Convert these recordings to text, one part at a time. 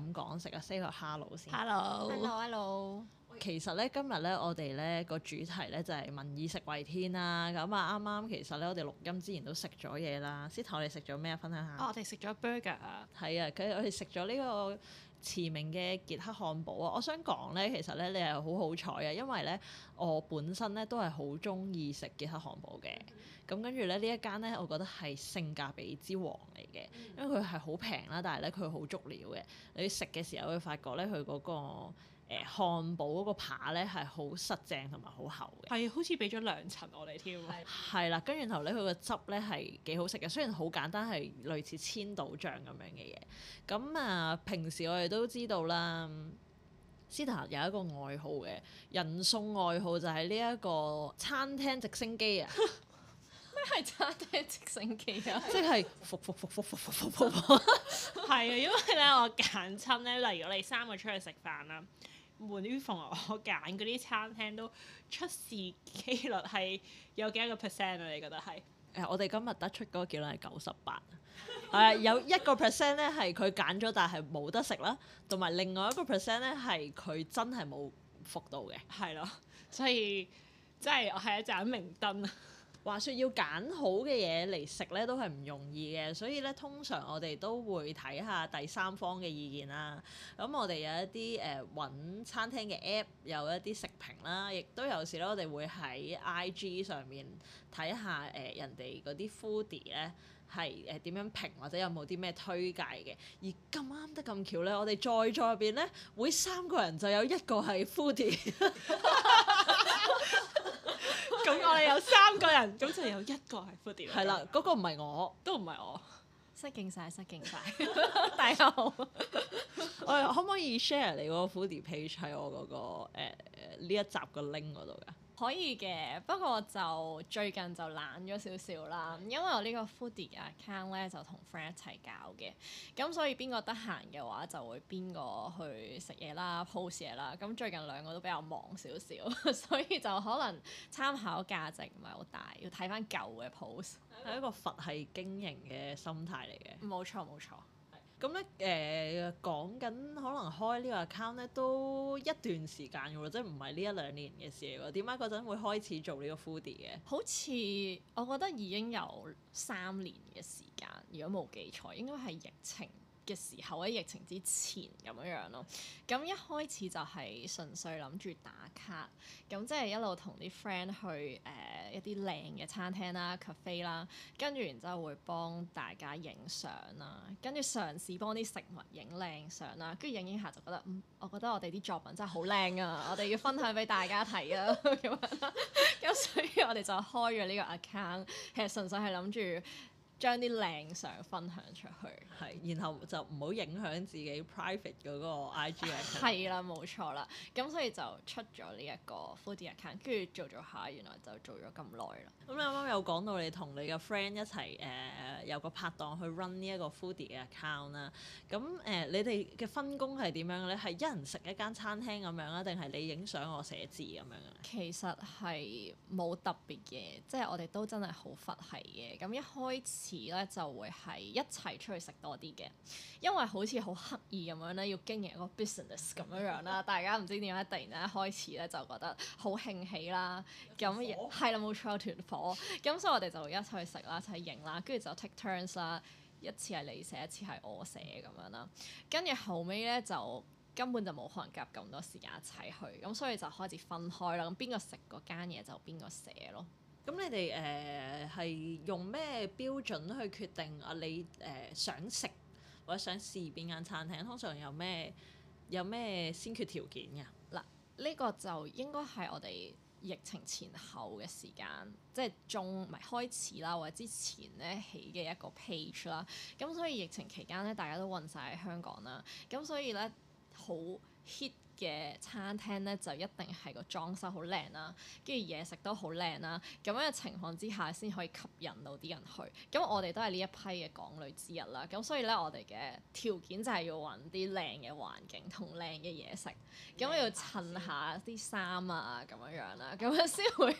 咁講食啊，say 個 hello 先。Hello，你好，hello, hello。其實咧，今日咧，我哋咧個主題咧就係民以食為天啦。咁啊，啱啱其實咧，我哋錄音之前都食咗嘢啦。先頭我哋食咗咩啊？分享下。哦、啊，我哋食咗 burger。啊，係啊，佢我哋食咗呢個。馳名嘅傑克漢堡啊，我想講咧，其實咧你係好好彩啊！因為咧我本身咧都係好中意食傑克漢堡嘅，咁、嗯、跟住咧呢一間咧，我覺得係性價比之王嚟嘅，因為佢係好平啦，但係咧佢好足料嘅，你食嘅時候會發覺咧佢嗰個。誒、呃、漢堡嗰個扒咧係好實淨同埋好厚嘅，係好似俾咗兩層我哋添，係啦、啊，跟住頭咧佢個汁咧係幾好食嘅，雖然好簡單，係類似千島醬咁樣嘅嘢。咁啊，平時我哋都知道啦，斯特有一個愛好嘅人送愛好，就係呢一個餐廳直升機啊！咩係餐廳直升機啊？ 即係復復復復復復復係啊！因為咧我揀親咧，例如我哋三個出去食飯啦。換於逢，我揀嗰啲餐廳都出事機率係有幾多個 percent 啊？你覺得係？誒，我哋今日得出嗰個結論係九十八，誒有一個 percent 咧係佢揀咗，但係冇得食啦。同埋另外一個 percent 咧係佢真係冇服到嘅，係咯。所以即係我係一盞明燈話説要揀好嘅嘢嚟食咧，都係唔容易嘅，所以咧通常我哋都會睇下第三方嘅意見啦。咁我哋有一啲誒揾餐廳嘅 app，有一啲食評啦，亦都有時咧我哋會喺 IG 上面睇下誒、呃、人哋嗰啲 foodie 咧係誒點、呃、樣評或者有冇啲咩推介嘅。而咁啱得咁巧咧，我哋再再入邊咧，每三個人就有一個係 foodie。 咁我哋有三個人，咁就 有一個係 Foodie。係啦，嗰、嗰個唔係我，都唔係我失，失敬晒，失敬晒！大家好，我哋可唔可以 share 你嗰、嗰個 Foodie page 喺我嗰個誒呢一集嘅 link 嗰度㗎？可以嘅，不過就最近就懶咗少少啦，因為我呢個 foodie account 咧就同 friend 一齊搞嘅，咁所以邊個得閒嘅話就會邊個去食嘢啦，post 嘢啦，咁最近兩個都比較忙少少，所以就可能參考價值唔係好大，要睇返舊嘅 post 係一個佛系經營嘅心態嚟嘅，冇錯冇錯。咁咧誒講緊可能開呢個 account 咧都一段時間嘅喎，即係唔係呢一兩年嘅事嚟喎？點解嗰陣會開始做呢個 foodie 嘅？好似我覺得已經有三年嘅時間，如果冇記錯，應該係疫情。嘅時候喺疫情之前咁樣樣咯，咁一開始就係純粹諗住打卡，咁即係一路同啲 friend 去誒、呃、一啲靚嘅餐廳啦、cafe 啦，跟住然之後會幫大家影相啦，跟住嘗試幫啲食物影靚相啦，跟住影影下就覺得，嗯，我覺得我哋啲作品真係好靚啊， 我哋要分享俾大家睇啊咁樣啦，咁 所以我哋就開咗呢個 account，其實純粹係諗住。將啲靚相分享出去，係，然後就唔好影響自己 private 嗰個 IG account。 係啦，冇錯啦，咁所以就出咗呢一個 foodie account，跟住做咗下，原來就做咗咁耐啦。咁你啱啱有講到你同你嘅 friend 一齊誒、呃、有個拍檔去 run 呢一個 foodie account 啦，咁、呃、誒你哋嘅分工係點樣咧？係一人食一間餐廳咁樣啦，定係你影相我寫字咁樣咧？其實係冇特別嘅，即係我哋都真係好佛系嘅。咁一開始。咧就會係一齊出去食多啲嘅，因為好似好刻意咁樣咧，要經營一個 business 咁樣樣啦。大家唔知點解突然咧開始咧就覺得好興起那啦，咁係啦，冇錯，團伙。咁所以我哋就會一齊去食啦，一齊影啦，跟住就 take turns 啦，一次係你寫，一次係我寫咁樣啦。跟住後尾咧就根本就冇可能夾咁多時間一齊去，咁所以就開始分開啦。咁邊個食嗰間嘢就邊個寫咯。咁你哋誒係用咩標準去決定啊？你誒、呃、想食或者想試邊間餐廳，通常有咩有咩先決條件㗎？嗱，呢個就應該係我哋疫情前後嘅時間，即係中唔係開始啦，或者之前咧起嘅一個 page 啦。咁所以疫情期間咧，大家都混晒喺香港啦。咁所以咧好 hit。嘅餐廳咧就一定係個裝修好靚啦，跟住嘢食都好靚啦，咁樣嘅情況之下先可以吸引到啲人去。咁我哋都係呢一批嘅港女之一啦，咁所以咧我哋嘅條件就係要揾啲靚嘅環境同靚嘅嘢食，咁我要襯下啲衫啊咁樣樣啦，咁樣先會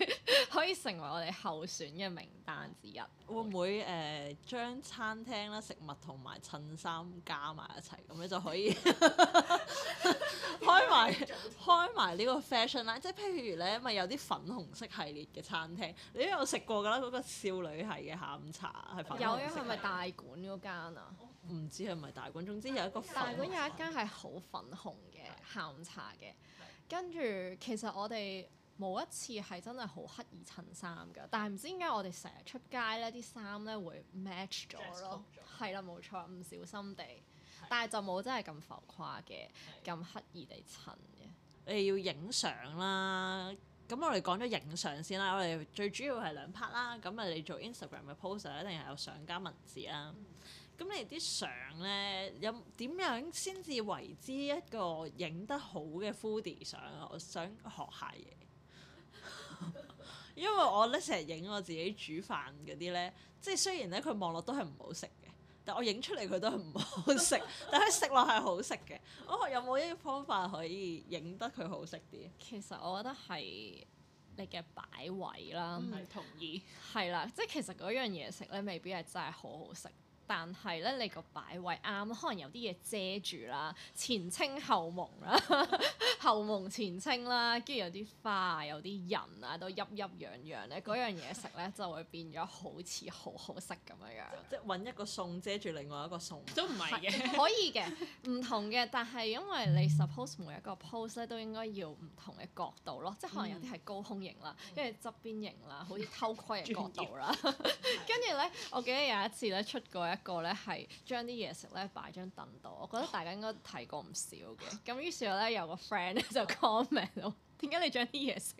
可以成為我哋候選嘅名單之一。會唔會誒、呃、將餐廳啦、食物同埋襯衫加埋一齊咁樣就可以開？ 埋開埋呢個 fashion line，即係譬如咧，咪有啲粉紅色系列嘅餐廳，你都有食過㗎啦。嗰、那個少女系嘅下午茶係粉紅色。有啊，係咪大館嗰間啊？唔、哦、知係咪大館，總之有一個粉紅。大館有一間係好粉紅嘅下午茶嘅，的跟住其實我哋冇一次係真係好刻意襯衫㗎，但係唔知點解我哋成日出街咧，啲衫咧會 match 咗咯。係啦、嗯，冇錯，唔小心地。但係就冇真係咁浮誇嘅，咁是的 刻意地襯嘅。你哋要影相啦，咁我哋講咗影相先啦。我哋最主要係兩 part 啦，咁啊你做 Instagram 嘅 post 咧，一定係有相加文字啦。咁、嗯、你哋啲相咧，有點樣先至為之一個影得好嘅 foodie 相啊？我想學下嘢。 因為我咧成日影我自己煮飯嗰啲咧，即係雖然咧佢望落都係唔好食。但我影出嚟佢都係唔好食， 但佢食落係好食嘅。我 有冇呢啲方法可以影得佢好食啲？其實我覺得係你嘅擺位啦。唔係、嗯、同意。係啦， 即係其實嗰樣嘢食咧，未必係真係好好食。但係咧，你個擺位啱，可能有啲嘢遮住啦，前清後蒙啦， 後蒙前清啦，跟住有啲花啊，有啲人啊，都陰陰揚揚咧，嗰 樣嘢食咧就會變咗好似好好食咁樣樣。即係揾一個餸遮住另外一個餸。都唔係嘅。可以嘅，唔 同嘅，但係因為你 suppose 每一個 pose 咧都應該要唔同嘅角度咯，嗯、即係可能有啲係高空型啦，跟住側邊型啦，好似偷窺嘅角度啦。跟住咧，我記得有一次咧出過一個咧係將啲嘢食咧擺張凳度，我覺得大家應該睇過唔少嘅。咁於是咧有個 friend 咧就 comment 咯，點解你將啲嘢食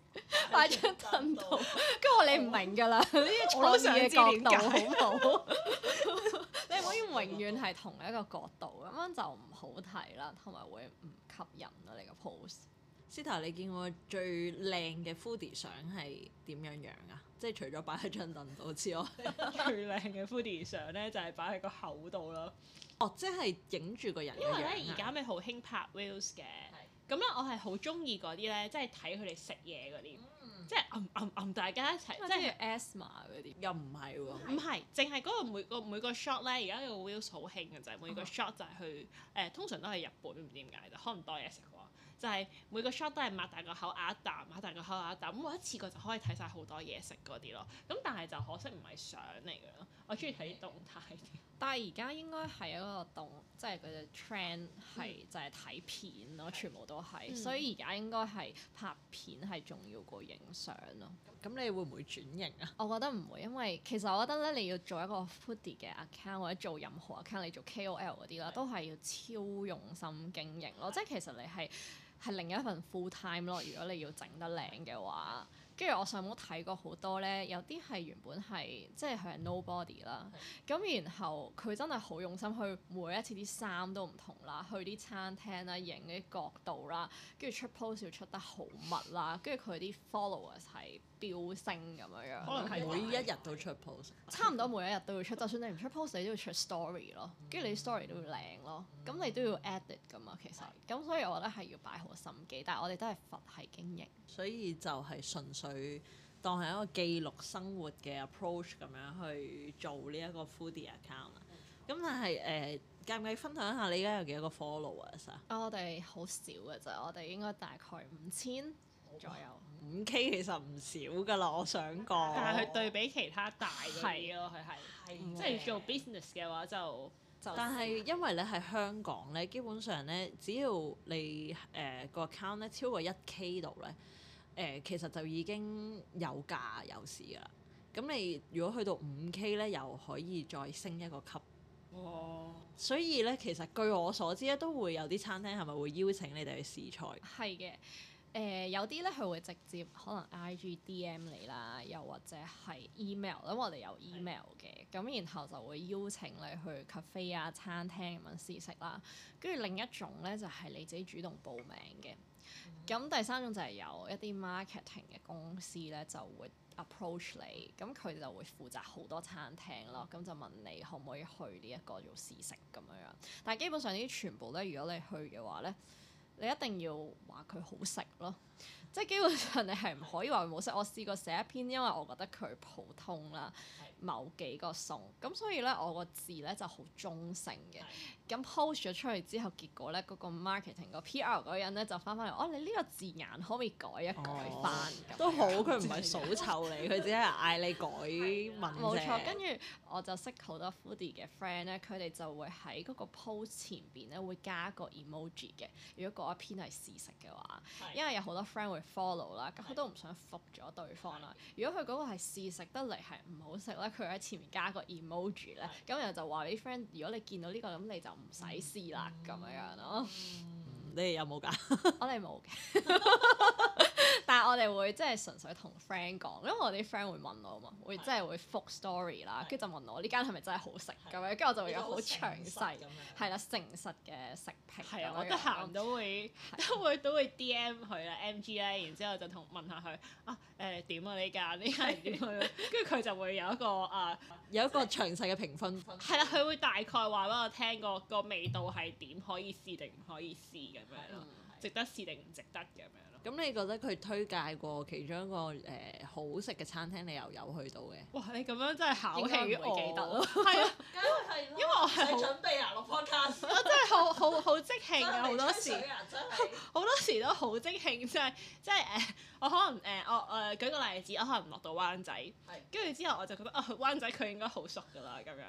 擺張凳度？跟住我，你唔明㗎啦，呢啲、嗯、創意嘅角度係冇。 你唔可以永遠係同一個角度，咁、嗯、樣就唔好睇啦，同埋會唔吸引啊！你個 post，Zita 你見過最靚嘅 foodie 相係點樣樣啊？即係除咗擺喺張凳度之外， 最靚嘅 Foodie 相咧就係擺喺個口度咯。哦，即係影住個人。因為咧而家咪好興拍 Wills 嘅，咁咧的我係好中意嗰啲咧，即係睇佢哋食嘢嗰啲，嗯、即係揞揞揞大家一齊，即係是 ASMA 嗰啲。又唔係喎？唔係，淨係嗰個每個每個 shot 咧，而家個 Wills 好興嘅就係每個 shot 就係去誒，嗯、通常都係日本唔知點解，可能多嘢食。就係每個 shot 都係擘大個口咬一啖，擘大個口咬一啖，咁我一次過就可以睇晒好多嘢食嗰啲咯。咁但係就可惜唔係相嚟嘅咯，我中意睇動態。但係而家應該係一個動，即係佢嘅 trend 係就係睇片咯，嗯、全部都係。嗯、所以而家應該係拍片係重要過影相咯。咁、嗯、你會唔會轉型啊？我覺得唔會，因為其實我覺得咧，你要做一個 Foodie 嘅 account 或者做任何 account，你做 KOL 嗰啲啦，都係要超用心經營咯。對 即係其實你係。係另一份 full time 咯，如果你要整得靚嘅話，跟住我上網睇過好多咧，有啲係原本係即係佢係 nobody 啦，咁、嗯、然後佢真係好用心去每一次啲衫都唔同啦，去啲餐廳啦，影啲角度啦，跟住出 post 要出得好密啦，跟住佢啲 followers 係。飆升咁樣，可能係每一日都出 post，差唔多每一日都會出。就算 你唔出 post，你都要出 story 咯，跟住、嗯、你 story 都會靚咯，咁、嗯、你都要 edit 噶嘛，其實。咁、嗯、所以我覺得係要擺好心機，但係我哋都係佛系經營。所以就係純粹當係一個記錄生活嘅 approach 咁樣去做呢一個 foodie account 啦。咁、嗯、但係誒、呃，介唔介意分享一下你而家有幾多個 followers 啊？我哋好少嘅就啫，我哋應該大概五千左右。 五 K 其實唔少噶啦，我想講。但係佢對比其他大嘅啲咯，佢係，係的即係做 business 嘅話就，就，但係因為咧喺香港咧，基本上咧只要你誒個 account 咧超過一 K 度咧，誒、呃、其實就已經有價有市噶啦。咁你如果去到五 K 咧，又可以再升一個級。哇所以咧，其實據我所知咧，都會有啲餐廳係咪會邀請你哋去試菜？係嘅。誒、呃、有啲咧，佢會直接可能 IG DM 你啦，又或者係 email，因為我哋有 email 嘅，咁的然後就會邀請你去 cafe 啊、餐廳咁樣試食啦。跟住另一種咧，就係、是、你自己主動報名嘅。咁、嗯、第三種就係有一啲 marketing 嘅公司咧，就會 approach 你，咁佢就會負責好多餐廳咯。咁、嗯、就問你可唔可以去呢一個做試食咁樣樣。但係基本上呢啲全部咧，如果你去嘅話咧。你一定要話佢好食咯，即係基本上你係唔可以話佢冇食。我試過寫一篇，因為我覺得佢普通啦。某幾個餸，咁所以咧我個字咧就好中性嘅。咁的 post 咗出去之後，結果咧嗰、那個 marketing 個 PR 嗰人咧就返返嚟，哦你呢個字眼可唔可以改一改翻？都、哦、這樣 好，佢唔係數臭你，佢 只係嗌你改文字。冇的錯，跟住我就識好多 foodie 嘅 friend 咧，佢哋就會喺嗰個 post 前邊咧會加個 emoji 嘅。如果嗰一篇係試食嘅話，的因為有好多 friend 會 follow 啦的，咁佢都唔想伏咗對方啦。如果佢嗰個係試食得嚟係唔好食咧。佢喺前面加個 emoji 咧的，咁然後就話俾 friend，如果你見到呢、這個咁，你就唔使試啦咁樣樣咯。嗯嗯、你哋有冇㗎？我哋冇嘅。但係我哋會即係純粹同 friend 講，因為我啲 friend 會問我嘛，會即係會覆 story 啦，跟住就問我呢間係咪真係好食咁樣，跟住我就會有好詳細咁樣，係啦，誠實嘅食評。係啊，我得閒都會，都會都會 DM 佢啦，MG 咧，然之後就同問下佢啊，誒點啊呢間呢間點，跟住佢就會有一個啊有一個詳細嘅評分。係啦，佢會大概話俾我聽個個味道係點，可以試定唔可以試咁樣咯，值得試定唔值得咁樣。咁你覺得佢推介過其中一個誒、呃、好食嘅餐廳，你又有去到嘅？哇！你咁樣真係考起，我記得梗係 啦，因為我係準備啊，個 podcast，我真係好好好即興嘅、啊、好 多時，好、啊、多時都好即興，即係即係誒，我可能誒、呃、我誒、呃、舉個例子，我可能落到灣仔，跟住是的 之後我就覺得啊、哦，灣仔佢應該好熟㗎啦，咁樣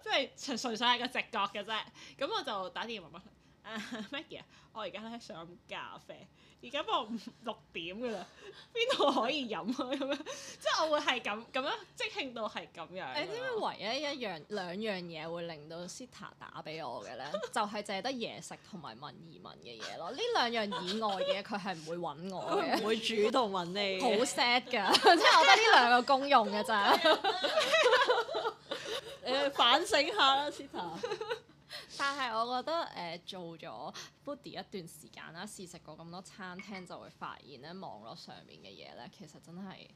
即係、就是、純粹係個直覺嘅啫。咁我就打電話問，問啊，Maggie 我而家咧想飲咖啡。而家不過六點嘅啦，邊度可以飲啊？咁 樣即係我會係咁咁樣，樣即興到係咁樣，哎。你知唔知唯一一樣兩樣嘢會令到 Sita 打俾我嘅咧？ 就係淨係得嘢食同埋問移民嘅嘢咯。呢兩樣以外嘢，佢係唔會揾我嘅，唔會主動揾你 好。好 sad 㗎，即係我得呢兩個功用嘅咋。誒，反省下啦，Sita。但係我覺得誒、呃、做咗 Foodie 一段時間啦，試食過咁多餐廳就會發現咧，網絡上面嘅嘢咧，其實真係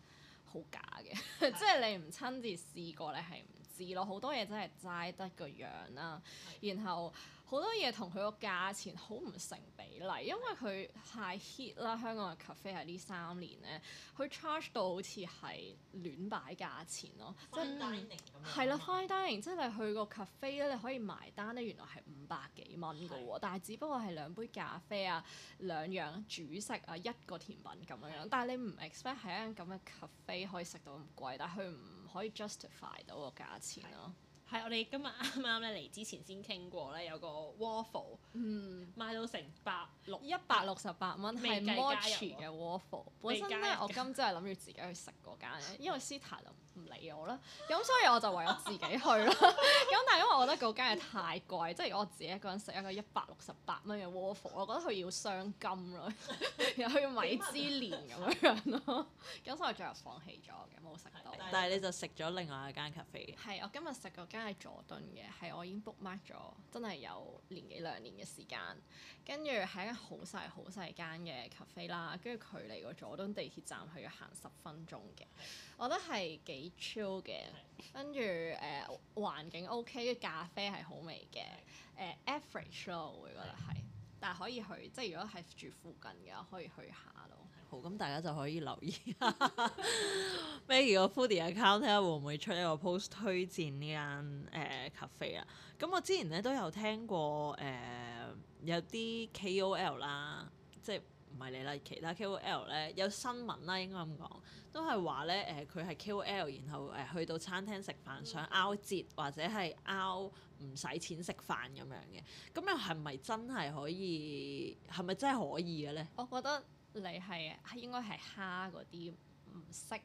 好假嘅，即係你唔親自試過你係唔知咯，好多嘢真係齋得個樣啦，然後。好多嘢同佢個價錢好唔成比例，因為佢太 hit 啦。香港嘅 cafe 喺呢三年咧，佢 charge 到好似係亂擺價錢咯。即係係啦，fine high dining 真係你去個 cafe 咧，你可以埋單咧，原來係五百幾蚊嘅喎。是的 但係只不過係兩杯咖啡啊，兩樣主食啊，一個甜品咁樣樣。是的 但係你唔 expect 係一樣咁嘅 cafe 可以食到咁貴，但係佢唔可以 justify 到個價錢咯。係我哋今日啱啱咧嚟之前先傾過咧，有個 waffle，嗯、賣到成百六一百六十八蚊，係 match 嘅 waffle。本身咧，我今朝係諗住自己去食嗰間，因為斯塔就。唔理我啦，咁所以我就唯有自己去啦。咁 但係因為我覺得嗰間嘢太貴， 即係我自己一個人食一個一百六十八蚊嘅窩夫，我覺得佢要傷金咯，又 要米芝蓮咁樣樣咯，咁 所以我最後放棄咗嘅冇食到。 但係你就食咗另外一間 cafe。係，我今日食嗰間係佐敦嘅，係我已經 bookmark 咗，真係有年幾兩年嘅時間。跟住係一間好細好細間嘅 cafe 啦，跟住距離個佐敦地鐵站係要行十分鐘嘅。我覺得係幾 chill 嘅，跟住誒環境 OK，咖啡係好味嘅，誒 average 咯，會、呃、覺得係，的但係可以去，即係如果係住附近嘅，可以去下咯。的好，咁大家就可以留意。Maggie 個 Foodie account 睇下會唔會出一個 post 推薦呢間誒 cafe 啊。咁、呃、我之前咧都有聽過誒、呃、有啲 KOL 啦，即係。唔係你啦，其他 KOL 咧有新聞啦，應該咁講，都係話咧誒佢係 KOL，然後誒、呃、去到餐廳食飯、嗯、想拗折或者係拗唔使錢食飯咁樣嘅，咁又係咪真係可以？係咪真係可以嘅咧？我覺得你係係應該係蝦嗰啲唔識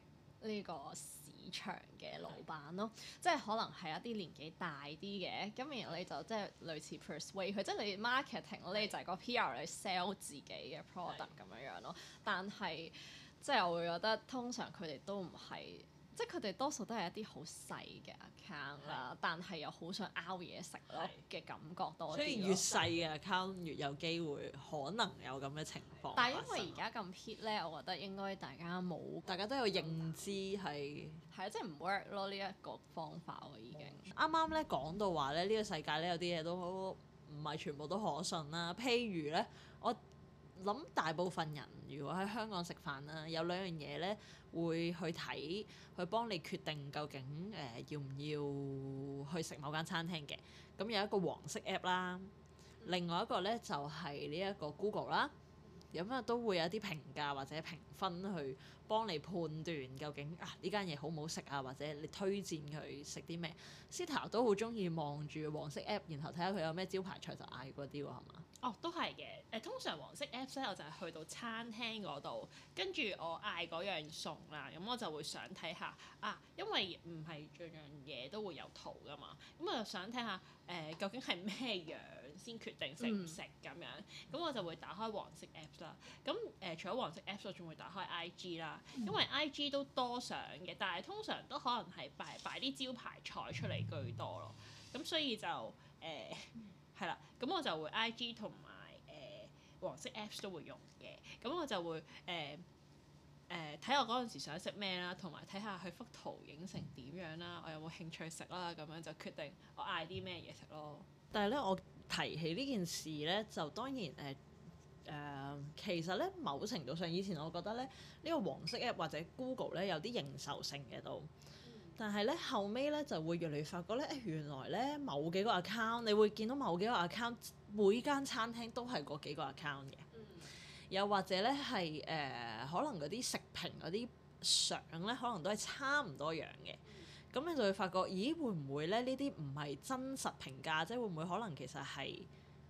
呢個場嘅老闆咯，即係可能係一啲年紀大啲嘅，咁然後你就即係類似 persuade 佢，即係你 marketing 咯，是的 你就係個 PR 你 sell 自己嘅 product 咁是的 樣樣咯，但係即係我會覺得通常佢哋都唔係，即係佢哋多數都係一啲好細嘅。a 啦，但係又好想拗嘢食咯嘅感覺多啲。所以越細嘅 account 越有機會可能有咁嘅情況。但因為而家咁 hit 咧，我覺得應該大家冇，大家都有認知係係啊，即係唔 work 咯呢一個方法我已經。啱啱咧講到話咧，呢個世界咧有啲嘢都好，唔係全部都可信啦。譬如咧，我。諗大部分人如果喺香港食飯啦，有兩樣嘢咧會去睇，去幫你決定究竟誒、呃、要唔要去食某間餐廳嘅。咁、嗯、有一個黃色 app 啦，另外一個咧就係呢一個 Google 啦。有啊，都會有啲評價或者評分，去幫你判斷究竟啊呢間嘢好唔好食啊，或者你推薦佢食啲咩，司 e 都好中意望住黃色 app，然後睇下佢有咩招牌菜就嗌嗰啲喎，係嘛？哦，都係嘅。誒、呃，通常黃色 app 咧，我就係去到餐廳嗰度，跟住我嗌嗰樣餸啦，咁我就會想睇下啊，因為唔係最樣嘢都會有圖噶嘛，咁我就想睇下誒、呃、究竟係咩樣？先決定食唔食咁樣，咁、嗯、我就會打開黃色 Apps 啦。咁、呃、誒，除咗黃色 Apps，我仲會打開 IG 啦。因為 IG 都多相嘅，但係通常都可能係擺擺啲招牌菜出嚟居多咯。咁所以就誒係啦。咁、呃嗯、我就會 IG 同埋誒黃色 Apps 都會用嘅。咁我就會誒。呃誒睇、呃、我嗰陣時想食咩啦，同埋睇下佢幅圖影成點樣啦，我有冇興趣食啦，咁樣就決定我嗌啲咩嘢食咯。但係咧，我提起呢件事咧，就當然誒誒、呃呃，其實咧某程度上以前我覺得咧，呢、這個黃色 app 或者 Google 咧有啲認受性嘅都。嗯、但係咧後尾咧就會越嚟越發覺咧，原來咧某幾個 account，你會見到某幾個 account，每間餐廳都係嗰幾個 account 嘅。又或者咧係誒，可能嗰啲食評嗰啲相咧，可能都係差唔多樣嘅。咁、嗯、你就會發覺，咦？會唔會咧？呢啲唔係真實評價，即係會唔會可能其實係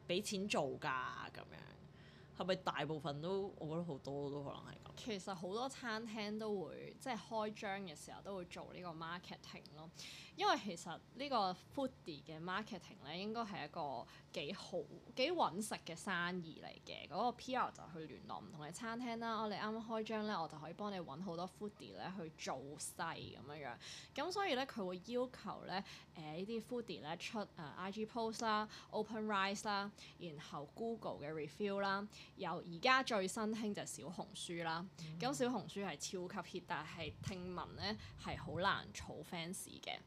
俾錢做㗎咁樣？係咪大部分都我覺得好多都可能係咁？其實好多餐廳都會即係開張嘅時候都會做呢個 marketing 咯。因為其實個呢個 foodie 嘅 marketing 咧，應該係一個幾好幾揾食嘅生意嚟嘅。嗰、那個 PR 就去聯絡唔同嘅餐廳啦。我哋啱啱開張咧，我就可以幫你揾好多 foodie 咧去做勢咁樣。咁所以咧，佢會要求咧，誒、呃、呢啲 foodie 咧出誒、呃、IG post 啦、Open Rice 啦，然後 Google 嘅 review 啦，由而家最新興就係小紅書啦。咁、mm hmm。小紅書係超級 hit，但係聽聞咧係好難儲 fans 嘅。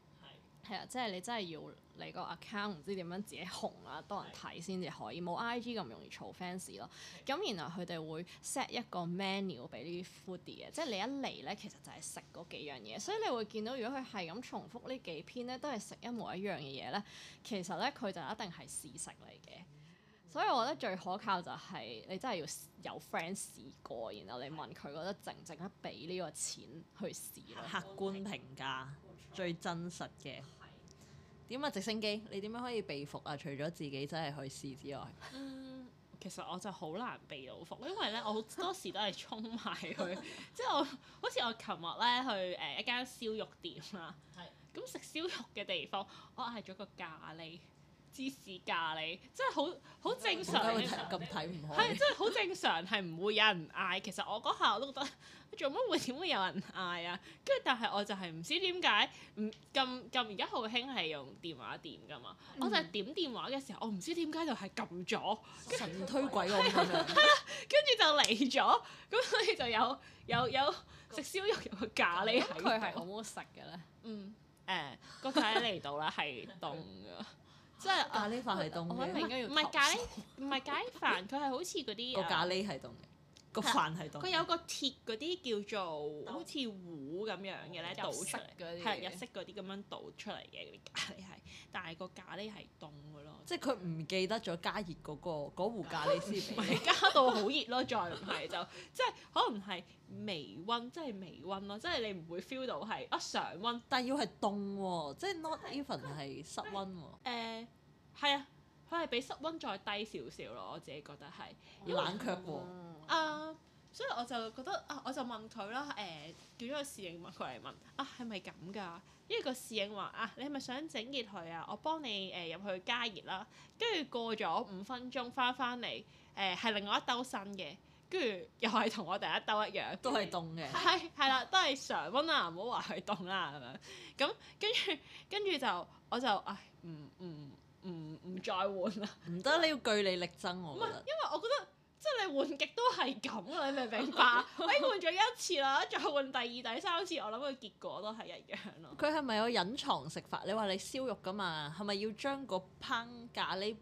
係啊，即係你真係要你個 account 唔知點樣自己紅啊，多人睇先至可以，冇對 IG 咁容易嘈。fans 咯。咁然後佢哋會 set 一個 menu 俾啲 foodie 嘅，即係對 你一嚟咧，其實就係食嗰幾樣嘢。所以你會見到，如果佢係咁重複呢幾篇咧，都係食一模一樣嘅嘢咧，其實咧佢就一定係試食嚟嘅。所以我覺得最可靠就係你真係要有 friend 試過，然後你問佢覺得值唔值得俾呢個錢去試對 客觀評價。最真實嘅點啊！直升機，你點樣可以被伏啊？除咗自己真係去試之外，嗯，其實我就好難被到伏，因為咧，我好多時都係衝埋去， 即係我好似我琴日咧去誒一間燒肉店啦，係咁食燒肉嘅地方，我嗌咗個咖喱。芝士咖喱，即係好好正常嘅時候。咁睇唔開。係，即係好正常，係唔會有人嗌。其實我嗰下我都覺得，做乜會點會有人嗌啊？跟住，但係我就係唔知點解，唔咁咁而家好興係用電話點㗎嘛？我就係點電話嘅時候，我唔知點解就係撳咗神推鬼我咁樣。跟住就嚟咗，咁所以就有有有食燒肉有咖喱，佢係好唔好食嘅咧？嗯，誒，個仔嚟到咧係凍嘅。即係、啊、咖喱飯係凍嘅，唔係咖喱，唔係咖喱飯，佢係好似嗰啲咖喱係凍個飯喺度，佢有個鐵嗰啲叫做好似壺咁樣嘅咧，倒，倒出嚟啲，係日式嗰啲咁樣倒出嚟嘅咖喱係，但係個咖喱係凍嘅咯。即係佢唔記得咗加熱嗰、嗰個嗰壺咖喱先，唔係 加到好熱咯，再唔係就 即係可能係微溫，就是，即係微溫咯，即係你唔會 feel 到係啊常溫，但係要係凍喎，即係 not even 係室溫喎。誒，係啊、呃，佢係比室溫再低少少咯，我自己覺得係要冷卻喎。啊，uh, 所以我就覺得啊，uh, 我就問佢啦，誒、uh, 叫咗、uh, 個侍應問佢嚟問啊，係咪咁㗎？因為個侍應話啊，你係咪想整熱佢啊？我幫你誒入、uh, 去加熱啦。跟住過咗五分鐘，翻返嚟誒係另外一兜新嘅，跟住又係同我第一兜一樣。都係凍嘅。係係啦，都係常温啊，唔好話佢凍啦咁樣。咁跟住跟住就我就唉唔唔唔唔再換啦。唔得，你要據理力爭我。唔，因為我覺得。即係你換極都係咁，你明唔明白？我已經換咗一次啦，再換第二、第三次，我諗個結果都係一樣咯。佢係咪有隱藏食法？你話你燒肉㗎嘛，係咪要將個烹咖喱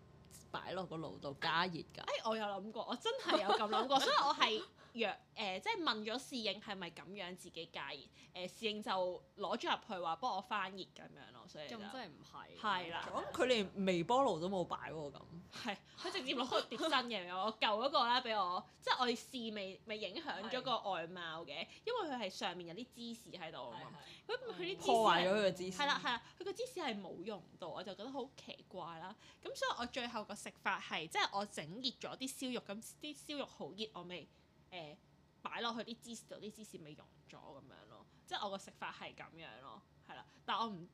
擺落個爐度加熱㗎？誒， 我有諗過，我真係有咁諗過， 所以我係。若誒、呃，即係問咗侍應係咪咁樣自己加熱？誒、呃，侍應就攞咗入去話幫我翻熱咁樣咯，所以就係、真係唔係係啦。我諗佢連微波爐都冇擺喎，咁係佢直接攞開碟新嘅， 我舊嗰個咧俾我，即係我哋試味未，未影響咗個外貌嘅，因為佢係上面有啲芝士喺度啊嘛。佢啲破壞咗佢嘅芝士係啦係啊，佢嘅芝士係冇用到，我就覺得好奇怪啦。咁所以我最後個食法係即係我整熱咗啲燒肉，咁啲燒肉好熱，我未。誒擺落去啲芝士度，啲芝士咪溶咗咁樣咯。即係我個食法係咁樣咯，係啦。但係我唔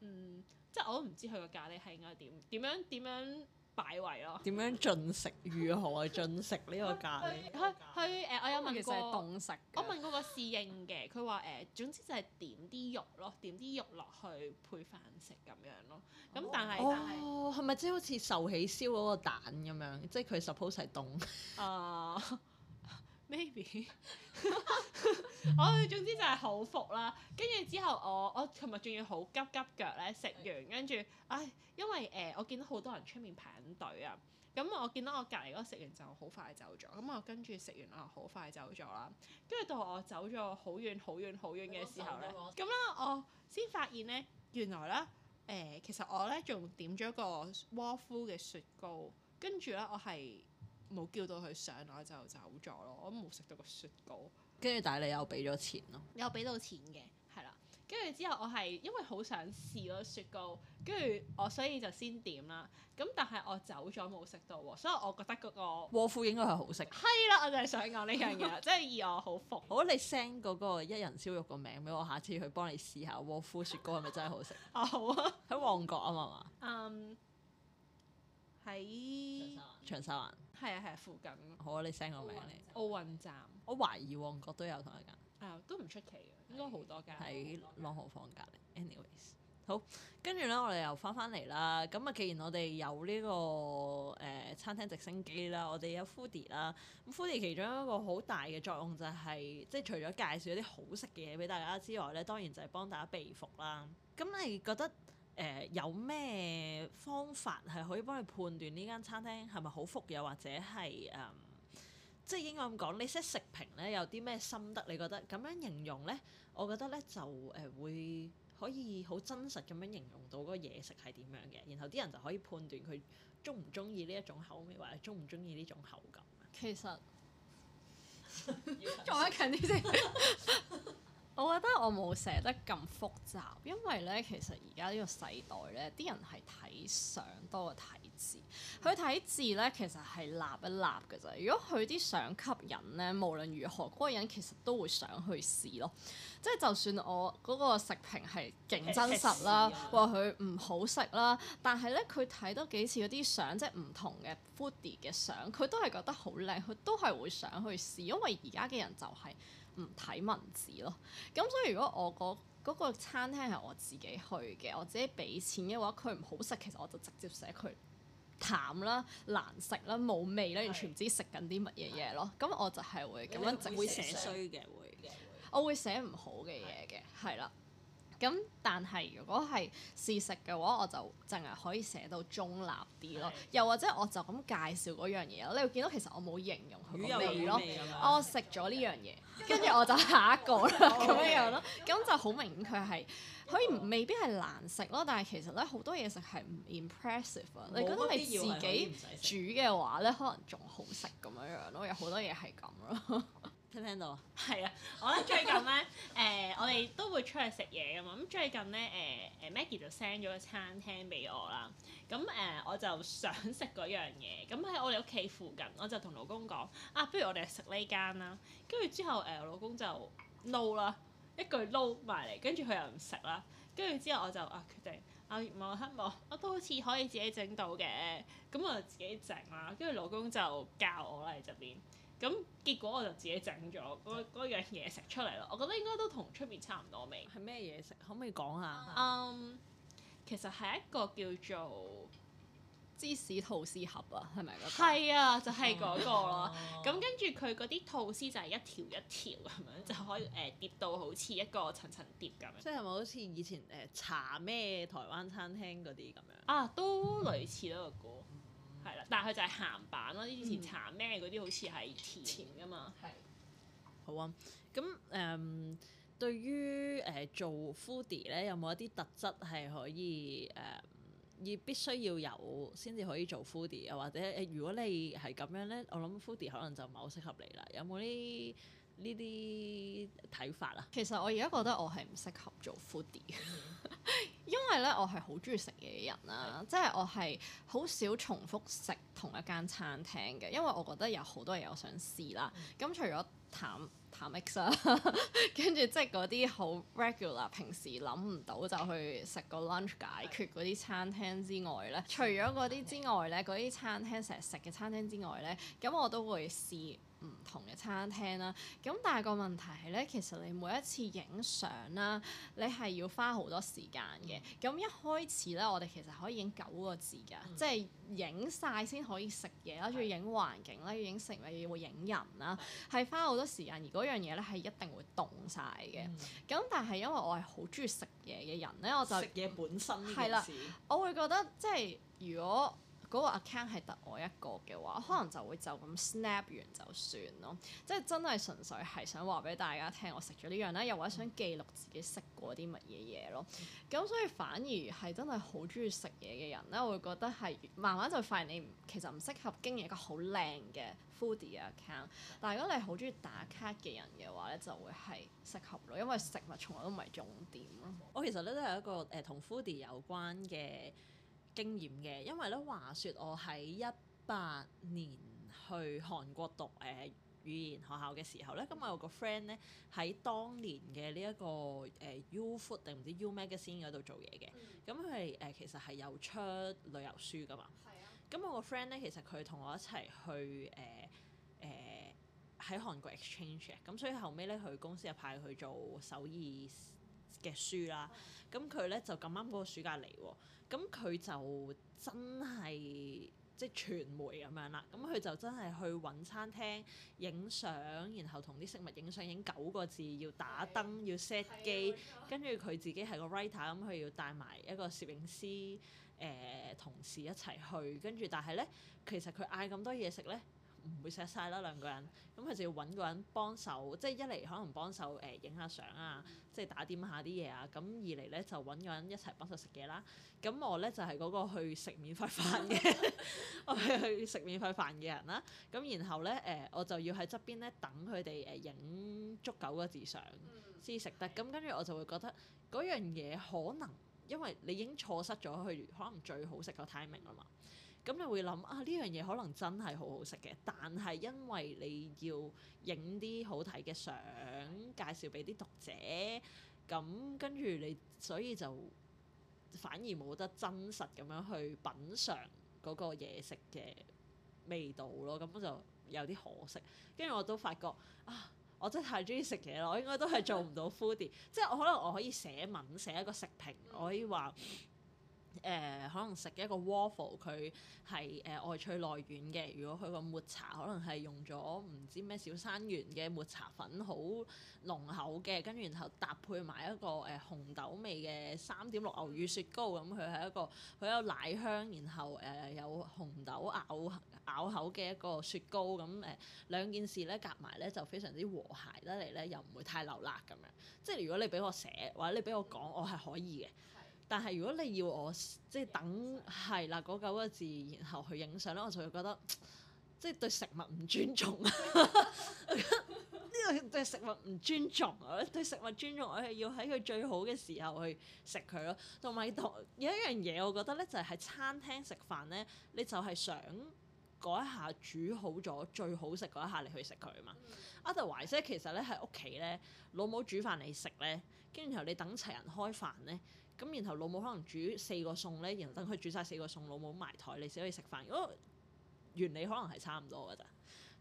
嗯，即係我都唔知佢個咖喱係應該點點樣點樣,樣擺位咯。點樣食 進食？如何進食呢個咖喱？佢， 去誒、呃，我有問過我,其實凍食我問過個侍應嘅，佢話誒，總之就係點啲肉咯，點啲肉落去配飯食咁樣咯。咁但係哦，係咪即係好似壽喜燒嗰個蛋咁樣？即係佢 suppose 係凍啊。 baby，我總之就係好服啦，跟住之後我我琴日仲要好急急腳咧食完，跟住唉，因為誒、呃、我見到好多人出面排緊隊啊，咁我見到我隔離嗰個食完就好快走咗，咁我跟住食完我好快走咗啦，跟住到我走咗好遠好遠好遠嘅時候咧，咁咧我先發現咧原來咧誒、呃、其實我咧仲點咗個窩夫嘅雪糕，跟住咧我係。冇叫到佢上來就走咗咯，我都冇食到個雪糕。跟住但係你又俾咗錢咯，又俾到錢嘅，係啦。跟住之後我係因為好想試咯雪糕，跟住我所以就先點啦。咁但係我走咗冇食到喎，所以我覺得嗰、嗰個窩夫應該係好食。係啦，我就係想講呢樣嘢，即係 以我好服。好，你 send 嗰個一人燒肉個名俾我，下次去幫你試下窩夫雪糕係咪真係好食？ 好啊，喺旺角啊嘛嘛。嗯，喺、um, 在長沙灣。長沙灣。係啊係，啊，附近。好啊，你 send 個名嚟。奧運站，我懷疑旺角都有同一間。啊、哦，都唔出奇，嘅，應該好多間。喺朗豪坊隔籬，anyways。好的，跟住咧，我哋又翻翻嚟啦。咁啊，既然我哋有呢、這個誒、呃、餐廳直升機啦，我哋有 Foodie 啦。咁 Foodie 其中一個好大嘅作用就係、是，即係除咗介紹一啲好食嘅嘢俾大家之外咧，當然就係幫大家避伏啦。咁你覺得？誒、呃、有咩方法係可以幫你判斷呢間餐廳係咪好伏又或者係誒、嗯，即係應該咁講，你識食評咧有啲咩心得？你覺得咁樣形容咧，我覺得咧就誒會、呃、可以好真實咁樣形容到嗰個嘢食係點樣嘅，然後啲人就可以判斷佢鍾唔鍾意呢一種口味，或者鍾唔鍾意呢種口感。其實仲係啲嘢。我覺得我冇寫得咁複雜，因為咧其實而家呢個世代咧，啲人係睇相多過睇字。佢睇字咧其實係立一立嘅啫。如果佢啲相吸引咧，無論如何，嗰、那個人其實都會想去試咯。即係就算我嗰個食評係勁真實啦，話佢唔好食啦，但係咧佢睇多幾次嗰啲相，即係唔同嘅 foodie 嘅相，佢都係覺得好靚，佢都係會想去試，因為而家嘅人就係、是，唔睇文字咯，咁所以如果我個嗰個餐廳係我自己去嘅，我自己俾錢嘅話，佢唔好食，其實我就直接寫佢淡啦、難食啦、冇味啦，完全唔知食緊啲乜嘢嘢咯。咁是的 我就係會咁樣寫。會寫衰嘅會嘅，我會寫唔好嘅嘢嘅，係啦。咁但係如果係試食嘅話，我就淨係可以寫到中立啲咯，的又或者我就咁介紹嗰樣嘢咯。你會見到其實我冇形容佢個味咯，魚有魚味我食咗呢樣嘢，跟住、嗯、我就下一個啦咁、嗯、樣、嗯、樣咯。咁、嗯、就好明顯佢係、嗯、可以未必係難食咯，但係其實咧好多嘢食係唔 impressive 啊。你覺得你自己煮嘅話咧，可能仲好食咁樣樣咯，有好多嘢係咁咯。嗯 聽聽到，係啊！我咧最近咧，誒、 呃、我哋都會出去食嘢噶嘛。咁、嗯、最近咧，誒、呃、誒 Maggie 就 send 咗個餐廳俾我啦。咁、嗯、誒、呃、我就想食嗰樣嘢。咁、嗯、喺我哋屋企附近，我就同老公講：啊，不如我哋食呢間啦。跟住之後，誒、呃、我老公就 n、no、啦，一句 no 埋嚟。跟住佢又唔食啦。跟住之後我就啊決定，我唔好望，我都好似可以自己整到嘅。咁、嗯、我就自己整啦。跟住老公就教我啦，喺入邊。咁結果我就自己整咗嗰樣嘢食出嚟咯，我覺得應該都同出面差唔多味。係咩嘢食？可唔可以講下？嗯，uh, um, 其實係一個叫做芝士吐司盒啊，係咪啊？係、嗰個、啊，就係、係、嗰個咯。咁跟住佢嗰啲吐司就係一條一條咁樣，就可以誒疊、呃、到好似一個層層疊咁樣。即係咪好似以前誒、呃、茶咩台灣餐廳嗰啲咁樣？啊，都類似啦個。係啦，但係佢就係鹹版咯。啲以前茶咩嗰啲好似係甜㗎嘛。係、嗯。的好啊。咁誒、嗯，對於誒、呃、做 foodie 咧，有冇一啲特質係可以誒，要、呃、必須要有先至可以做 foodie，又或者誒，如果你係咁樣咧，我諗 foodie 可能就唔係好適合你啦。有冇啲？呢啲睇法啦，啊？其實我而家覺得我係唔適合做 foodie， 因為咧我係好中意食嘢嘅人啦，即係的我係好少重複食同一間餐廳嘅，因為我覺得有好多嘢我想試啦。咁、嗯、除咗淡淡 mix，跟住即係嗰啲好 regular，平時諗唔到就去食個 lunch 解決嗰啲餐廳之外咧，的除咗嗰啲之外咧，嗰啲餐廳成日食嘅餐廳之外咧，咁我都會試。唔同嘅餐廳啦，咁但係個問題係咧，其實你每一次影相啦，你係要花好多時間嘅。咁、嗯、一開始咧，我哋其實可以影九個字嘅，嗯、即係影晒先可以食嘢啦，仲、嗯、要影環境啦，要影食物，要影人啦，係花好多時間。而嗰樣嘢咧係一定會凍晒嘅。咁、嗯、但係因為我係好中意食嘢嘅人咧，我就食嘢本身呢件事，我會覺得即係如果。嗰個 account 係得我一個嘅話，可能就會就咁 snap 完就算咯。即係真係純粹係想話俾大家聽，我食咗呢樣啦，又或者想記錄自己食過啲乜嘢嘢咯。咁所以反而係真係好中意食嘢嘅人咧，我會覺得係慢慢就發現你其實唔適合經營一個好靚嘅 foodie account。但係如果你好中意打卡嘅人嘅話咧，就會係適合咯，因為食物從來都唔係重點咯。我其實咧都係一個誒同、呃、foodie 有關嘅。經驗嘅，因為咧話說我喺一八年去韓國讀誒、呃、語言學校嘅時候咧，咁、嗯、我有個 friend 咧喺當年嘅呢一個誒 U Food 定唔知 U Magazine 嗰度做嘢嘅，咁佢誒其實係有出旅遊書㗎嘛，咁、嗯、我個 friend 咧其實佢同我一齊去誒誒喺韓國 exchange 嘅，咁所以後尾咧佢公司又派佢做首爾嘅書啦，咁佢咧就咁啱嗰個暑假嚟喎。咁佢就真係即係傳媒咁樣啦，咁佢就真係去揾餐廳影相，然後同啲食物影相影九個字，要打燈對要 set 機，跟住佢自己係個 writer，咁佢要帶埋一個攝影師誒、呃、同事一齊去，跟住但係咧，其實佢嗌咁多嘢食咧。唔會錫晒啦兩個人，咁佢就要揾個人幫手，即係一嚟可能幫手誒影下相啊，即係打點下啲嘢啊，咁二嚟呢，就揾個人一齊幫手食嘢啦。咁我呢，就係、是、嗰個去食免費飯嘅， 我去食免費飯嘅人啦。咁然後呢，誒、呃，我就要喺側邊呢，等佢哋誒影足九個字相先食得。咁跟住我就會覺得嗰樣嘢可能因為你已經錯失咗去，可能最好食個 timing 啦嘛。嗯。咁你會諗啊，呢樣嘢可能真係好好食嘅，但係因為你要影啲好睇嘅相介紹俾啲讀者，咁跟住你所以就反而冇得真實咁樣去品嚐嗰個嘢食嘅味道咯。咁就有啲可惜。跟住我都發覺啊，我真係太中意食嘢咯。我應該都係做唔到 foodie， 即係我可能我可以寫文寫一個食評，我可以話。誒、呃、可能食一個 waffle 佢係誒、呃、外脆內軟嘅，如果佢個抹茶可能係用咗唔知咩小山園嘅抹茶粉，好濃厚嘅，跟住然後搭配埋一個誒、呃、紅豆味嘅三點六牛乳雪糕，咁佢係一個佢有奶香，然後誒、呃、有紅豆咬咬口嘅一個雪糕，咁誒兩件事咧夾埋咧就非常之和諧得嚟咧，又唔會太流辣咁樣。即係如果你俾我寫或者你俾我講，我係可以嘅。但係如果你要我即係等係啦嗰九個字，然後去影相咧，我就會覺得即係對食物唔尊重。呢 個對食物唔尊重，我對食物尊重，我係要喺佢最好嘅時候去食佢咯。同埋同有一樣嘢，我覺得咧就係、是、喺餐廳食飯咧，你就係想嗰一下煮好咗最好食嗰一下嚟去食佢啊嘛。Otherwise 其實咧喺屋企咧，老母煮飯嚟食咧，跟住然後你等齊人開飯咧。咁然後老母可能煮四個餸咧，然後等佢煮晒四個餸，老母埋台你先可以食飯。如、哦、果原理可能係差唔多嘅咋，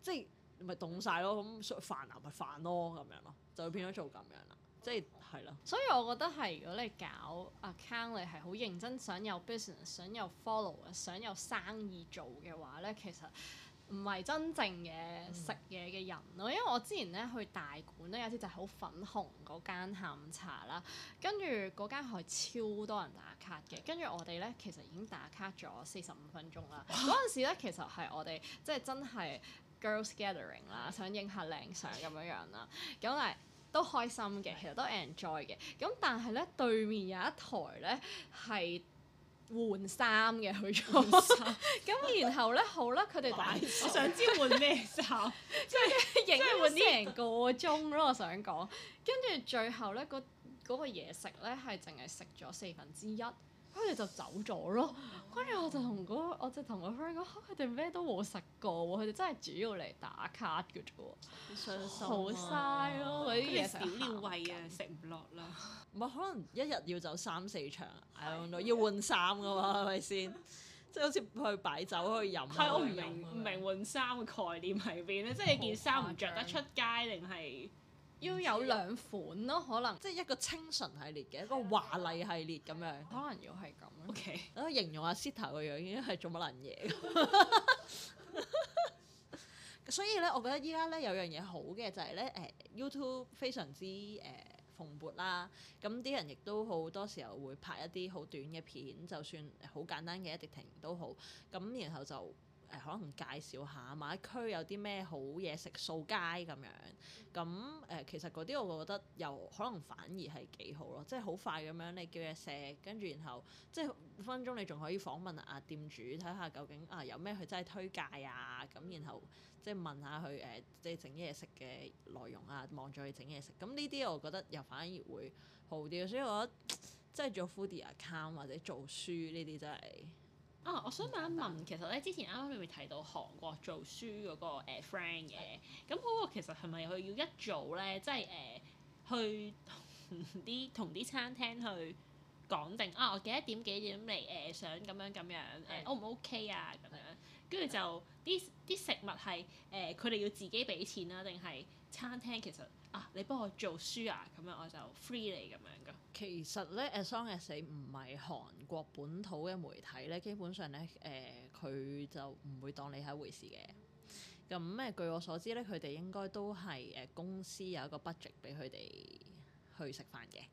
即係咪凍晒咯？咁、嗯、煩啊，咪煩咯、啊、咁樣咯，就會變咗做咁樣啦，即係係咯。所以我覺得係如果你搞 account 你係好認真，想有 business，想有 follow，想有生意做嘅話咧，其實。唔係真正嘅食嘢嘅人咯，嗯、因為我之前咧去大館咧有啲就係好粉紅嗰間下午茶啦，跟住嗰間係超多人打卡嘅，跟住、嗯、我哋咧其實已經打卡咗四十五分鐘啦。嗰陣哇時咧其實係我哋即係真係 girls gathering 啦，想影下靚相咁樣樣啦，咁、嗯、但係都開心嘅，其實都 enjoy 嘅，咁但係咧對面有一台咧係。換衫嘅去咗，咁 然後咧好啦，佢哋打我想知換咩衫，即係影咗換啲人個鐘咯，我想講，跟住最後咧，嗰嗰、嗰個嘢食咧係淨係食咗四分之一。跟住就走咗咯。跟住、哦、我就同嗰、那個、我就同我 friend 講：佢哋咩都冇食過喎，佢哋真係主要嚟打卡嘅啫喎。好嘥咯，佢啲嘢少咗胃啊，食唔落啦。唔係、嗯、可能一日要走三四場，I don't know，要換衫噶嘛，係咪先？即係好似去擺酒去飲。係， 我唔明唔明換衫嘅概念喺邊咧？即係你件衫唔着得出街，定係？要有兩款咯，可能即係一個清純系列嘅，的一個華麗系列咁的樣，可能要係咁。O Okay K， 形容阿 Sita 嘅樣已經係做乜撚嘢。 所以咧，我覺得依家咧有樣嘢好嘅就係、是、咧，誒、呃、YouTube 非常之誒、呃、蓬勃啦，咁啲人亦都好多時候會拍一啲好短嘅片，就算好簡單嘅一啲停都好，咁然後就。可能介紹下某一區有啲咩好嘢食、掃街咁樣，咁誒、呃、其實嗰啲我覺得又可能反而係幾好咯，即係好快咁樣你叫嘢食，跟住然後即係五分鐘你仲可以訪問啊店主，睇下究竟啊有咩佢真係推介啊，咁然後即係問下佢誒、呃、即係整嘢食嘅內容啊，望住佢整嘢食，咁呢啲我覺得又反而會好啲，所以我覺得即係做 foodie account 或者做書呢啲真係～啊、哦，我想問一問，其實咧之前啱啱你咪提到韓國做書嗰、那個誒、啊、friend 嘅，咁嗰個其實係咪佢要一早咧，即係誒去啲同啲餐廳去講定啊，我幾多點幾點嚟誒、啊，想咁樣咁樣誒，O 唔 O K 啊咁樣，跟、啊、住、嗯哦啊、就啲啲食物係誒，佢、啊、哋要自己俾錢啊，定係餐廳其實？啊！你幫我做書啊，咁樣我就 free 你咁樣噶。其實咧 As long as 你唔係韓國本土嘅媒體咧，基本上咧，誒、呃、佢就唔會當你係一回事嘅。咁、嗯、咩？據我所知咧，佢哋應該都係誒、呃、公司有一個 budget 俾佢哋去食飯嘅。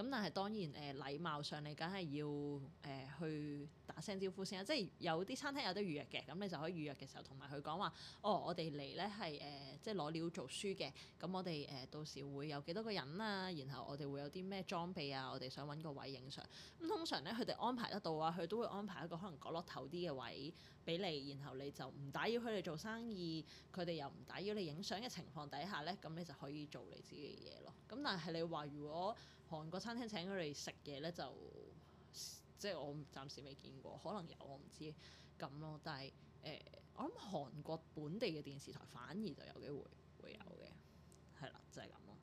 咁但係當然誒、呃，禮貌上你梗係要誒、呃、去打聲招呼先啦。即係有啲餐廳有得預約嘅，咁你就可以預約嘅時候，同埋佢講話哦，我哋嚟咧係誒，即係攞料做書嘅。咁我哋誒、呃、到時會有幾多個人啦、啊，然後我哋會有啲咩裝備啊，我哋想搵個位影相。咁通常咧，佢哋安排得到啊，佢都會安排一個可能角落頭啲嘅位俾你，然後你就唔打擾佢哋做生意，佢哋又唔打擾你影相嘅情況底下咧，咁你就可以做你自己嘅嘢咯。咁但係你話如果，韓國餐廳請佢哋食嘢咧，就即係我暫時未見過，可能有我唔知咁咯。但係誒、呃，我諗韓國本地嘅電視台反而就有機會會有嘅，係啦，就係咁咯。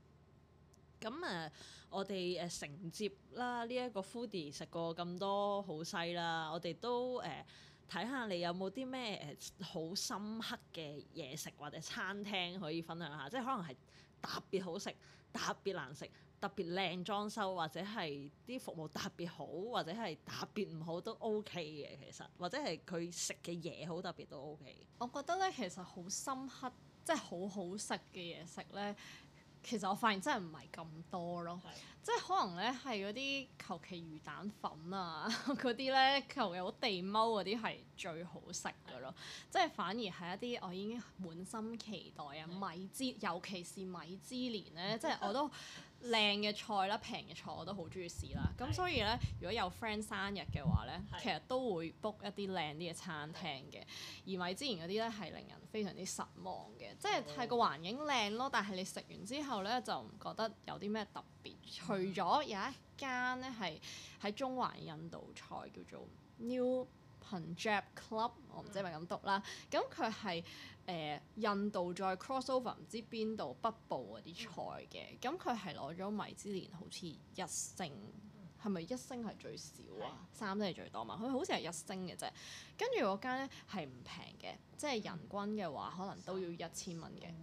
咁誒，我哋誒承接啦呢一個 foodie 食過咁多好西啦，我哋都誒睇下你有冇啲咩誒好深刻嘅嘢食或者餐廳可以分享下，即係可能係特別好食、特別難食。特別靚裝修，或者係啲服務特別好，或者係特別唔好都 O K 嘅其實，或者係佢食嘅嘢好特別都 O K。我覺得咧，其實好深刻，即係好好食嘅嘢食咧，其實我發現真係唔係咁多咯。是的 即係可能咧係嗰啲求其魚蛋粉啊，嗰啲咧求有地踎嗰啲係最好食噶咯。是的 即係反而係一啲我已經滿心期待啊是的 米芝，尤其是米芝蓮咧，即係我都。靚嘅菜啦，平嘅菜我都好中意試啦。咁的所以呢，如果有 friend 生日嘅話呢，的其實都會 book 一啲靚啲嘅餐廳嘅。的而咪之前嗰啲呢，係令人非常之失望嘅，的即係太個環境靚咯，但係你食完之後呢，就唔覺得有啲咩特別。嗯、除咗有一間呢，係喺中環印度菜叫做 New Punjab Club，我唔知係咪咁讀啦。咁佢係。誒、呃、印度再 crossover 唔知邊度北部嗰啲菜嘅，咁佢係攞咗米芝蓮好似一星，係咪、嗯、一星係最少啊？嗯、三星係最多嘛？佢好似係一星嘅啫，跟住嗰間咧係唔平嘅，即係人均嘅話可能都要一千蚊嘅，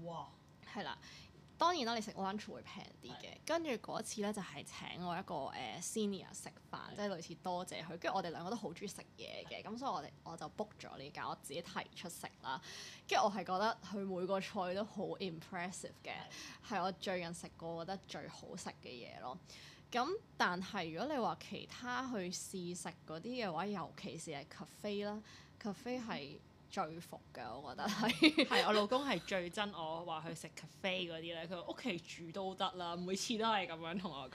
係啦、嗯。當然啦，你食 lunch 會平啲嘅。跟住嗰一次咧，就係請我一個誒、uh, senior 食飯，的即係類似多謝佢。跟住我哋兩個都好中意食嘢嘅，咁的所以我哋我就 book 咗呢間，我自己提出食啦。跟住我係覺得佢每個菜都好 impressive 嘅，係的我最近食過覺得最好食嘅嘢咯。咁但係如果你話其他去試食嗰啲嘅話，尤其是係 cafe 啦，cafe 係、嗯。最服嘅，我覺得係係 我老公係最憎我話去食 cafe 嗰啲咧，佢話屋企煮都得啦，每次都係咁樣同我講。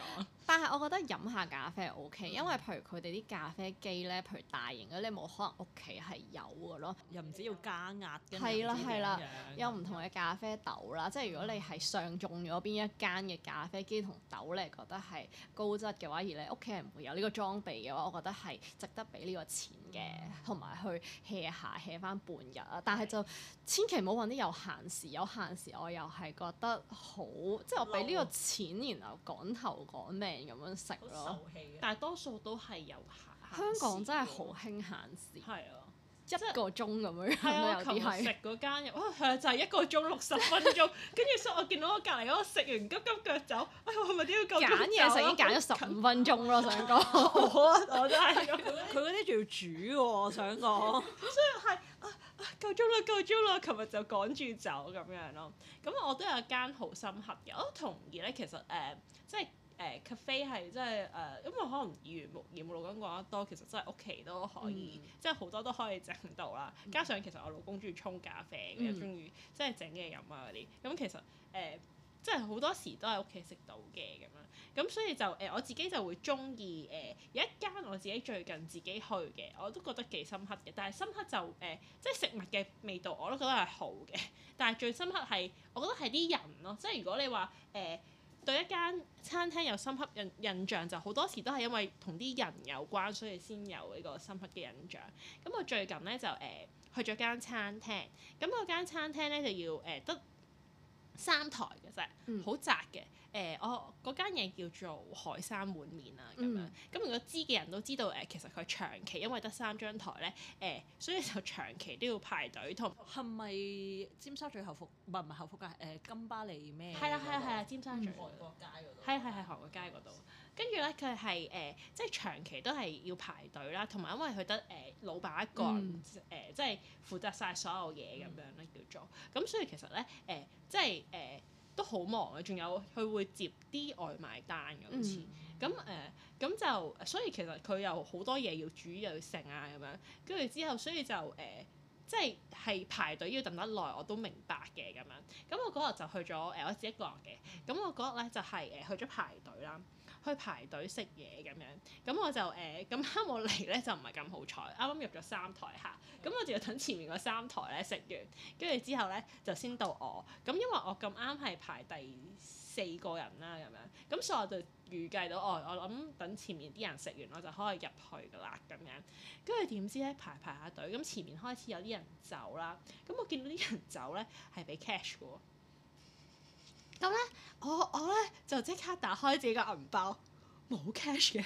但係我覺得飲下咖啡 OK，因為譬如佢哋啲咖啡機咧，譬如大型嗰啲，冇可能屋企係有嘅咯。又唔只要加壓，係啦係啦，有唔同嘅咖啡豆啦。嗯、即係如果你係上中咗邊一間嘅咖啡機同豆，你係覺得係高質嘅話，而你屋企人唔會有呢個裝備嘅話，我覺得係值得俾呢個錢嘅，同埋去 hea 下 hea 返半日啊！但係就千祈唔好揾啲有限時，有限時我又係覺得好，即係我俾呢個錢，然後趕頭趕命。咁樣食咯，但係多數都係有限。香港真係好興限時，係啊，一個鐘咁樣都有啲係。嗰間，哇，係啊，就係一個鐘六十分鐘，跟住 所以我見到我隔離嗰個食完急急腳走，哎呀，係咪點解要夠鍾走啊？揀嘢食已經揀咗十五分鐘咯，想講，我我真係，佢嗰啲仲要煮喎，我想講， 所以係啊，啊，夠鍾啦，夠鍾啦，琴日就趕住走咁樣咯。咁我都有一間好深刻嘅，我同意咧，其實誒、嗯，即係。誒 cafe 係真係誒，因、呃、為可能耳濡目染我老公講得多，其實真係屋企都可以，嗯、即係好多都可以整到啦。嗯、加上其實我老公中意沖咖啡，又中意即係整嘢飲啊嗰啲，咁其實誒、呃、即係好多時都喺屋企食到嘅咁樣。咁所以就誒、呃、我自己就會中意誒有一間我自己最近自己去嘅，我都覺得幾深刻嘅。但係深刻就誒、呃，即係食物嘅味道我都覺得係好嘅。但係最深刻係我覺得係啲人咯，即係如果你話誒、呃對一間餐廳有深刻印印象，就好多時都係因為同啲人有關，所以先有呢個深刻嘅印象。咁我最近咧就誒、呃、去咗間餐廳，咁嗰間餐廳咧就要誒得、呃、三枱嘅啫，好窄嘅。嗯誒我嗰間嘢叫做海山碗麵啊，咁樣咁、嗯、如果知嘅人都知道誒、呃，其實佢長期因為得三張台咧、誒、呃、所以就長期都要排隊同。係咪尖沙咀厚福？唔係唔係厚福㗎、啊、誒、呃、金巴利咩？係、嗯、裡啊係啊係啊！尖沙咀、嗯啊啊啊啊、韓國街嗰度。係係喺韓國街嗰度，跟住咧佢係誒，即係長期都係要排隊啦，同埋因為佢得誒老闆一個人誒、嗯呃，即係負責晒所有嘢咁樣咧叫、嗯、做。咁所以其實咧誒、呃呃，即係誒。呃呃呃呃呃呃呃呃都好忙啊，仲有佢會接啲外賣單咁似，咁誒、嗯，咁、呃、就所以其實佢又好多嘢要煮又要盛啊咁樣，跟住之後，所以就誒、呃，即係係排隊要等得耐，我都明白嘅咁樣。咁我嗰日就去咗誒、呃，我自己一個人嘅，咁我嗰日咧就係、是、誒去咗排隊啦。去排隊食嘢咁樣，咁我就誒，咁、呃、啱我嚟咧就唔係咁好彩，啱啱入咗三台客，咁我就要等前面嗰三台咧食完，跟住之後咧就先到我，咁因為我咁啱係排第四個人啦咁樣，咁所以我就預計到，哦，我諗等前面啲人食完我就可以入去㗎啦咁樣，跟住點知咧排排下隊，咁前面開始有啲人走啦，咁我見到啲人走咧係俾 cash 㗎喎。咁咧，我我咧就即刻打開自己個銀包，冇 cash 嘅，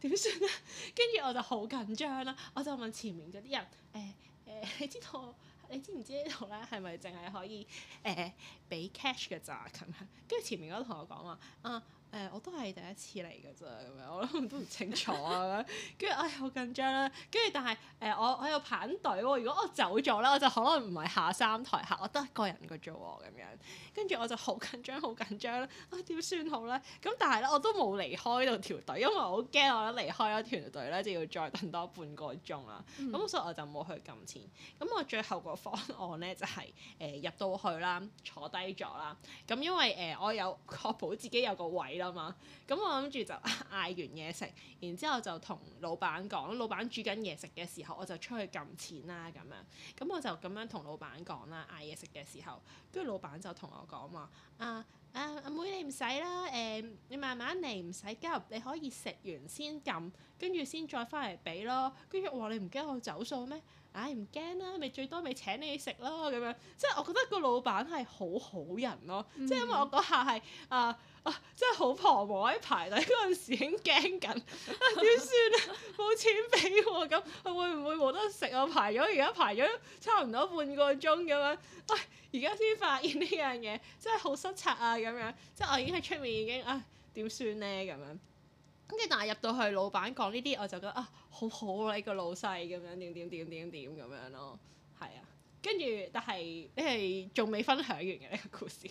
點算咧？跟住我就好緊張啦，我就問前面嗰啲人，誒、哎、誒、哎，你知道你知唔知呢度咧係咪淨係可以誒俾 cash 嘅咋？咁跟住前面嗰個同我講話啊。嗯誒、呃、我都係第一次嚟㗎啫，咁樣我諗都唔清楚啊，咁樣跟住唉好緊張啦，跟、哎、住、啊、但係誒、呃、我我有排緊隊喎，如果我走咗咧，我就可能唔係下三台客，我得一個人個做喎，咁樣跟住我就好緊張好緊張，緊張啊點、哎、算好咧？咁但係咧我都冇離開到條隊，因為我好驚我咧離開咗條隊咧就要再等多半個鐘啦，咁、嗯、所以我就冇去撳錢。咁我最後個方案咧就係、是、誒、呃、入到去啦，坐低咗啦，咁因為誒、呃、我有確保自己有個位。啊嘛，咁、嗯、我諗住就嗌完嘢食，然之後就同老闆講，老闆煮緊嘢食嘅時候，我就出去撳錢啦咁樣。咁、嗯、我就咁樣同老闆講啦，嗌嘢食嘅時候，跟住老闆就同我講話：啊啊阿妹你唔使啦，誒、呃、你慢慢嚟唔使急，你可以食完先撳，跟住先再返嚟俾咯。跟住我話你唔驚我走數咩？唉，唔驚啦，咪、哎、最多咪請你食咯咁樣，即係我覺得個老闆係好好人咯，嗯、即係因為我嗰下係啊啊，真係好彷徨。喺排隊嗰陣時，已經驚緊，點算啊冇、啊、 錢俾喎咁，會唔會冇得食啊？排咗而家排咗差唔多半個鐘咁樣，喂而家先發現呢樣嘢，真係好失策啊咁樣，即係我已經喺出面已經啊點算咧咁樣。咁即但係入到去，老闆講呢啲，我就覺得啊，好好啊，你個老細咁樣點點點點點咁樣咯，係啊。跟住但係你係仲未分享完嘅呢個故事，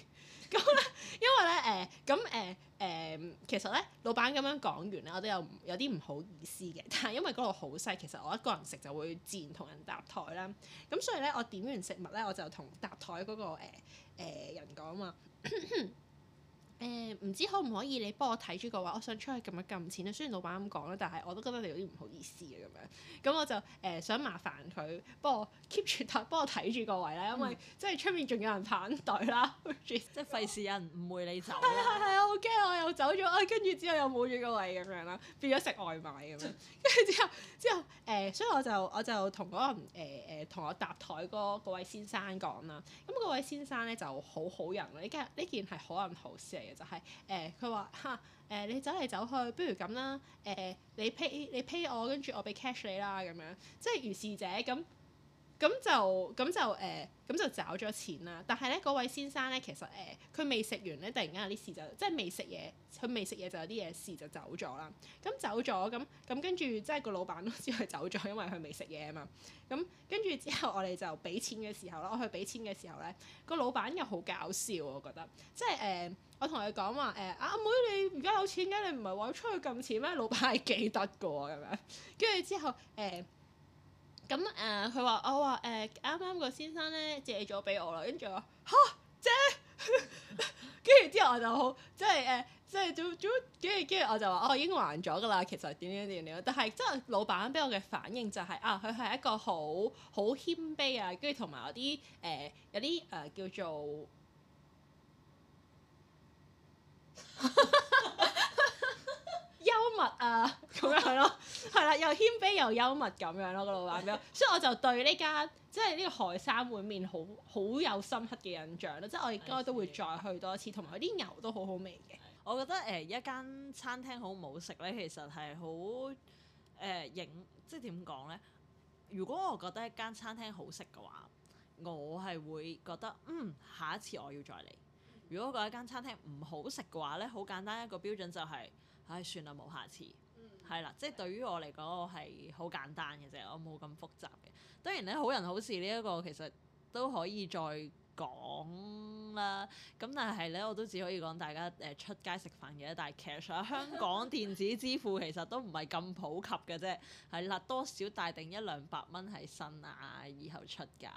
咁 咧、嗯， 因為咧誒，咁誒誒，其實咧老闆咁樣講完咧，我都有有啲唔好意思嘅。但係因為嗰度好細，其實我一個人食就會自然同人搭台啦。咁所以咧，我點完食物咧，我就同搭台嗰個誒誒人講啊。 誒唔、呃、知可唔可以你幫我睇住個位，我想出去撳一撳錢啦。雖然老闆咁講啦，但係我都覺得你有啲唔好意思嘅咁樣。咁我就誒、呃、想麻煩佢幫我 keep 住睇，幫我睇住個位啦，因為即係出面仲有人排隊啦，跟住即係費事有人誤會你走。係係啊，我好驚、嗯嗯嗯啊啊、我又走咗，跟、啊、住之後又冇住個位咁樣啦，變咗食外賣咁樣。跟住 之後之後誒、呃，所以我就我就同嗰個誒誒同我搭台嗰嗰位先生講啦。咁嗰位先生咧就好好人啦，呢件呢件係好人好事嚟。就係、是、誒，佢、呃、話哈，誒、呃，你走嚟走去，不如咁啦誒，你 pay 你 pay 我，跟住我俾 cash 你啦，咁樣即係如是者咁。咁就咁就誒，咁、欸、就找咗錢啦。但係咧，嗰位先生咧，其實誒，佢未食完咧，突然間有啲事就，即係未食嘢，佢未食嘢就有啲嘢事就走咗啦。咁、嗯、走咗，咁咁跟住即係個老闆都知佢走咗，因為佢未食嘢啊嘛。咁跟住之後，我哋就俾錢嘅時候啦，我去俾錢嘅時候咧，個老闆又好搞笑、啊、我覺得，即係誒、欸，我同佢講話誒，阿、欸啊、妹你而家有錢嘅，你唔係話要出去撳錢咩？老闆係記得嘅，咁樣。跟住之後誒。欸咁誒，佢話、嗯、我話誒，啱、呃、啱個先生咧借咗俾我啦，跟住話嚇借，跟住之後我就好即係誒，即係跟住跟住我就話哦，已經還咗噶啦，其實點樣點樣，但係真係老闆俾我嘅反應就係、是、啊，佢係一個好好謙卑啊，跟住同埋有啲誒、呃、有啲誒、呃、叫做。 啊咁 樣咯吧，係啦，又謙卑又幽默咁樣咯個老闆， 所以我就對呢間即係呢個海山碗麵好好，好有深刻嘅印象啦，即、就、係、是、我應該都會再去多一次，同埋啲油都好好味嘅。 我覺得誒、呃、一間餐廳好唔好食咧，其實係好誒影，即係點講咧？如果我覺得一間餐廳好食嘅話，我係會覺得嗯下一次我要再嚟。如果我覺得一間餐廳唔好食嘅話咧，好簡單一個標準就係、是。唉，算啦，冇下次。係啦、嗯，了即係對於我嚟講，我係好簡單嘅啫，我冇咁複雜嘅。當然咧，好人好事呢、這、一個其實都可以再講。啦，咁但係咧，我都只可以講大家誒、呃、出街食飯嘅，但係其實香港電子支付其實都唔係咁普及嘅啫，係、啊、啦，多少帶定一兩百蚊喺身啊，以後出街。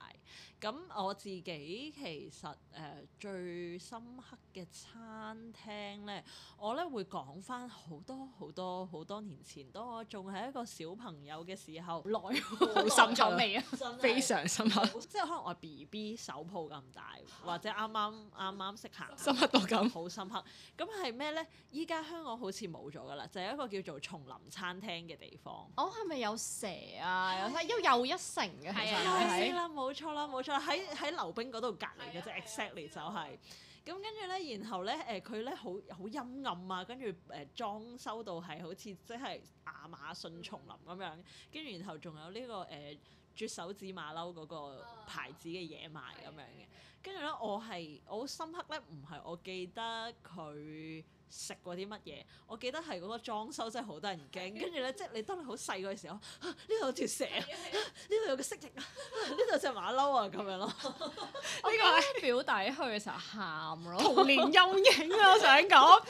咁我自己其實誒、呃、最深刻嘅餐廳咧，我咧會講翻好多好多好多年前，當我仲係一個小朋友嘅時候，耐好程深重味啊，至非常深刻，即係可能我 B B 手抱咁大，或者啱啱。啱啱啱識行，深刻到咁好深刻，咁係咩咧？依家香港好似冇咗噶啦，就有、係、一個叫做叢林餐廳嘅地方。哦，係咪有蛇啊？又唉 一城嘅，係啊，係啦，冇錯啦，冇錯啦，喺喺溜冰嗰度隔離嘅啫 exactly 就係。咁跟住咧，然後咧，誒佢咧好好陰暗啊，跟住誒裝修到係好似即係亞馬遜叢林咁樣，跟住然後仲有呢、呢個誒。呃啜手指馬騮嗰個牌子嘅嘢賣咁樣嘅，跟住咧我係我好深刻咧，唔係我記得佢食過啲乜嘢，我記得係嗰個裝修真係好得人驚，跟住咧即係你當你好細個嘅時候，呢度有條蛇啊，呢度有個蜥蜴啊，呢度隻馬騮啊咁樣咯。呢個係表弟去嘅時候喊咯，童年陰影啊！想講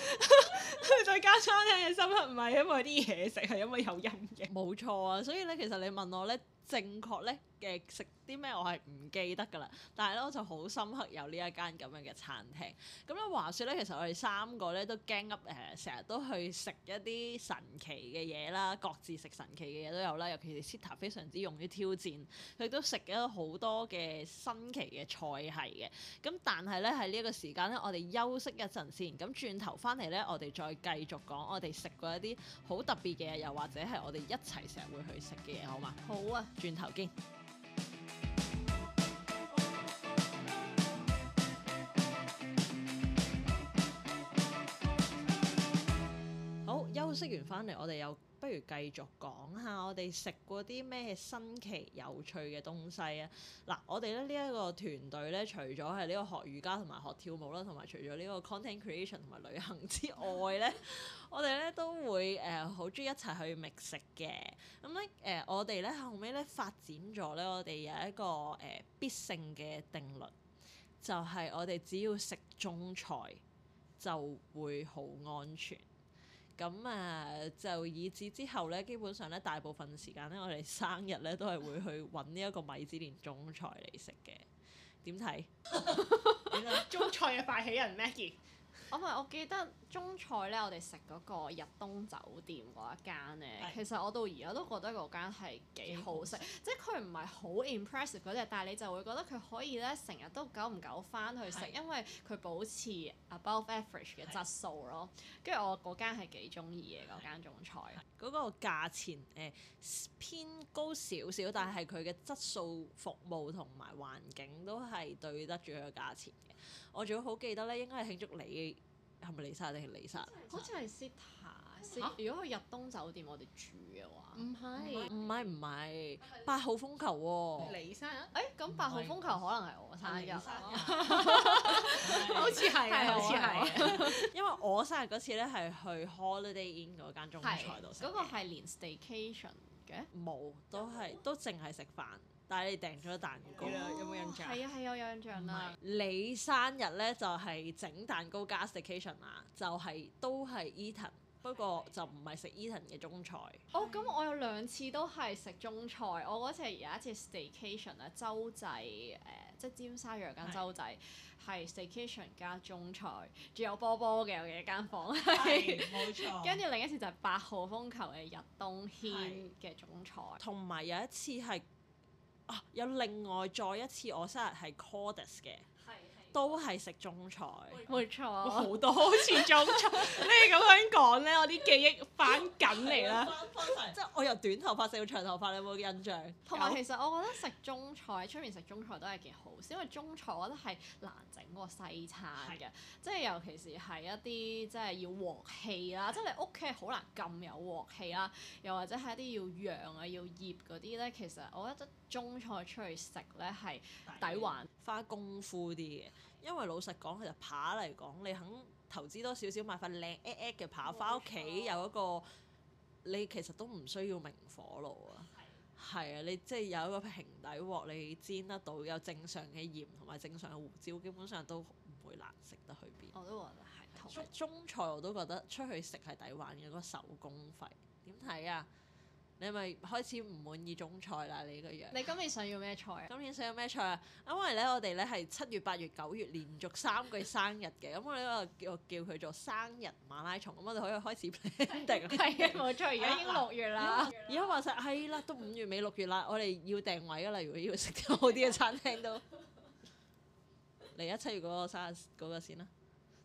佢再加餐廳嘅深刻唔係因為啲嘢食，係因為有陰影。冇 錯啊，所以咧其實你問我咧。正確咧。嘅食啲咩我係唔記得㗎啦，但係咧我就好深刻有呢一間咁樣嘅餐廳。咁、嗯、咧話説咧，其實我哋三個咧都驚噏成日都去食一啲神奇嘅嘢啦，各自食神奇嘅嘢都有啦。尤其是 Zita 非常之勇於挑戰，佢都食咗好多嘅新奇嘅菜系嘅。咁但係咧喺呢一個時間咧，我哋休息一陣先，咁轉頭翻嚟咧，我哋再繼續講我哋食過一啲好特別嘅嘢，又或者係我哋一齊成日會去食嘅嘢，好嗎？好啊，轉頭見。食完翻嚟，我哋又不如繼續講下我哋食過啲咩新奇有趣嘅東西啊！嗱，我哋咧呢一個團隊咧，除咗係呢個學瑜伽同埋學跳舞啦，同埋除咗呢個 content creation 同埋旅行之外咧、 呃嗯呃，我哋咧都會誒好中意一齊去覓食嘅。咁咧誒，我哋咧後尾咧發展咗咧，我哋有一個誒、呃、必勝嘅定律，就係、是、我哋只要食中菜就會好安全。咁啊，就以至之後咧，基本上咧，大部分時間咧，我哋生日咧都係會去搵呢一個米芝蓮中菜嚟食嘅。點睇？ 中菜嘅發起人 Maggie，我唔係，我記得。中菜咧，我哋食嗰個日東酒店嗰一間咧，的其實我到而家都覺得嗰間係幾好食，好即係佢唔係好 impressive 嗰啲，但係你就會覺得佢可以咧成日都久唔久翻去食，的因為佢保持 above average 嘅質素咯。跟住的我嗰間係幾中意嘅嗰間中菜，嗰、嗰個價錢、呃、偏高少少，但係佢嘅質素、服務同埋環境都係對得住佢嘅價錢嘅。我仲好記得咧，應該係慶祝你。係咪李生定係李生？好似係 Sita。如果去日東酒店我哋住嘅話，唔係唔係唔係八號風球喎。李生？誒，咁八號風球可能係我生日。好似係，好似係。因為我生日嗰次咧，係去 Holiday Inn 嗰間中菜度食。嗰個係連 staycation 嘅？冇，都係都淨係食飯。你訂咗蛋糕、哦、有冇印象？係啊，係有有印象啦是。你生日咧就係、是、整蛋糕加 staycation 啊，就係、是、都係 Eaton，a 是的 不過就唔係食 Eaton a 嘅中菜。是的 哦，咁我有兩次都係食中菜。我嗰次有一次 staycation 啊，洲際，誒、呃，即係尖沙咀間洲際，係 staycation 加中菜，仲有波波嘅嘅間房。係，冇錯。跟住另一次就係八號風球嘅日東軒嘅中菜。同埋有，有一次係。啊！有另外再一次我生日係 Cordis 嘅，係的都係食中菜，冇錯，好多好似中菜。 你咁樣講咧，我啲記憶翻緊嚟啦，即係 我由短頭髮食到長頭髮，你有冇印象？同埋有有其實我覺得食中菜，出面食中菜都係幾好，因為中菜我覺得係難整過西餐嘅，即係的尤其是係一啲即係要鑊氣啦，的即係你屋企好難咁有鑊氣啦，又或者係一啲要揚啊要醃嗰啲咧，其實我覺得。中菜出去食呢，係抵玩，花功夫啲嘅，因為老實講其實扒嚟講，你肯投資多少少買塊靚啱啱嘅扒，翻屋企有一個，哦、你其實都唔需要明火爐啊。係啊的，你即係有一個平底鑊，你煎得到有正常嘅鹽同埋正常嘅胡椒，基本上都唔會難食得去邊。我都覺得係。出的樣中菜我都覺得出去食係抵玩嘅嗰手工費，點睇啊？你係咪開始唔滿意種菜啦，你呢個樣。你今年想要咩菜啊？今年想要咩菜啊？因為咧，我哋咧係七月、八月、九月連續三個生日嘅，咁 我咧就叫叫佢做生日馬拉松，咁我哋可以開始 plan 定。係啊，冇錯，而家已經六月啦。而家話晒，係啦，都五月尾六月啦，我哋要訂位啦，如果要食啲好啲嘅餐廳都。嚟啊， 七月嗰個生日嗰個先啦。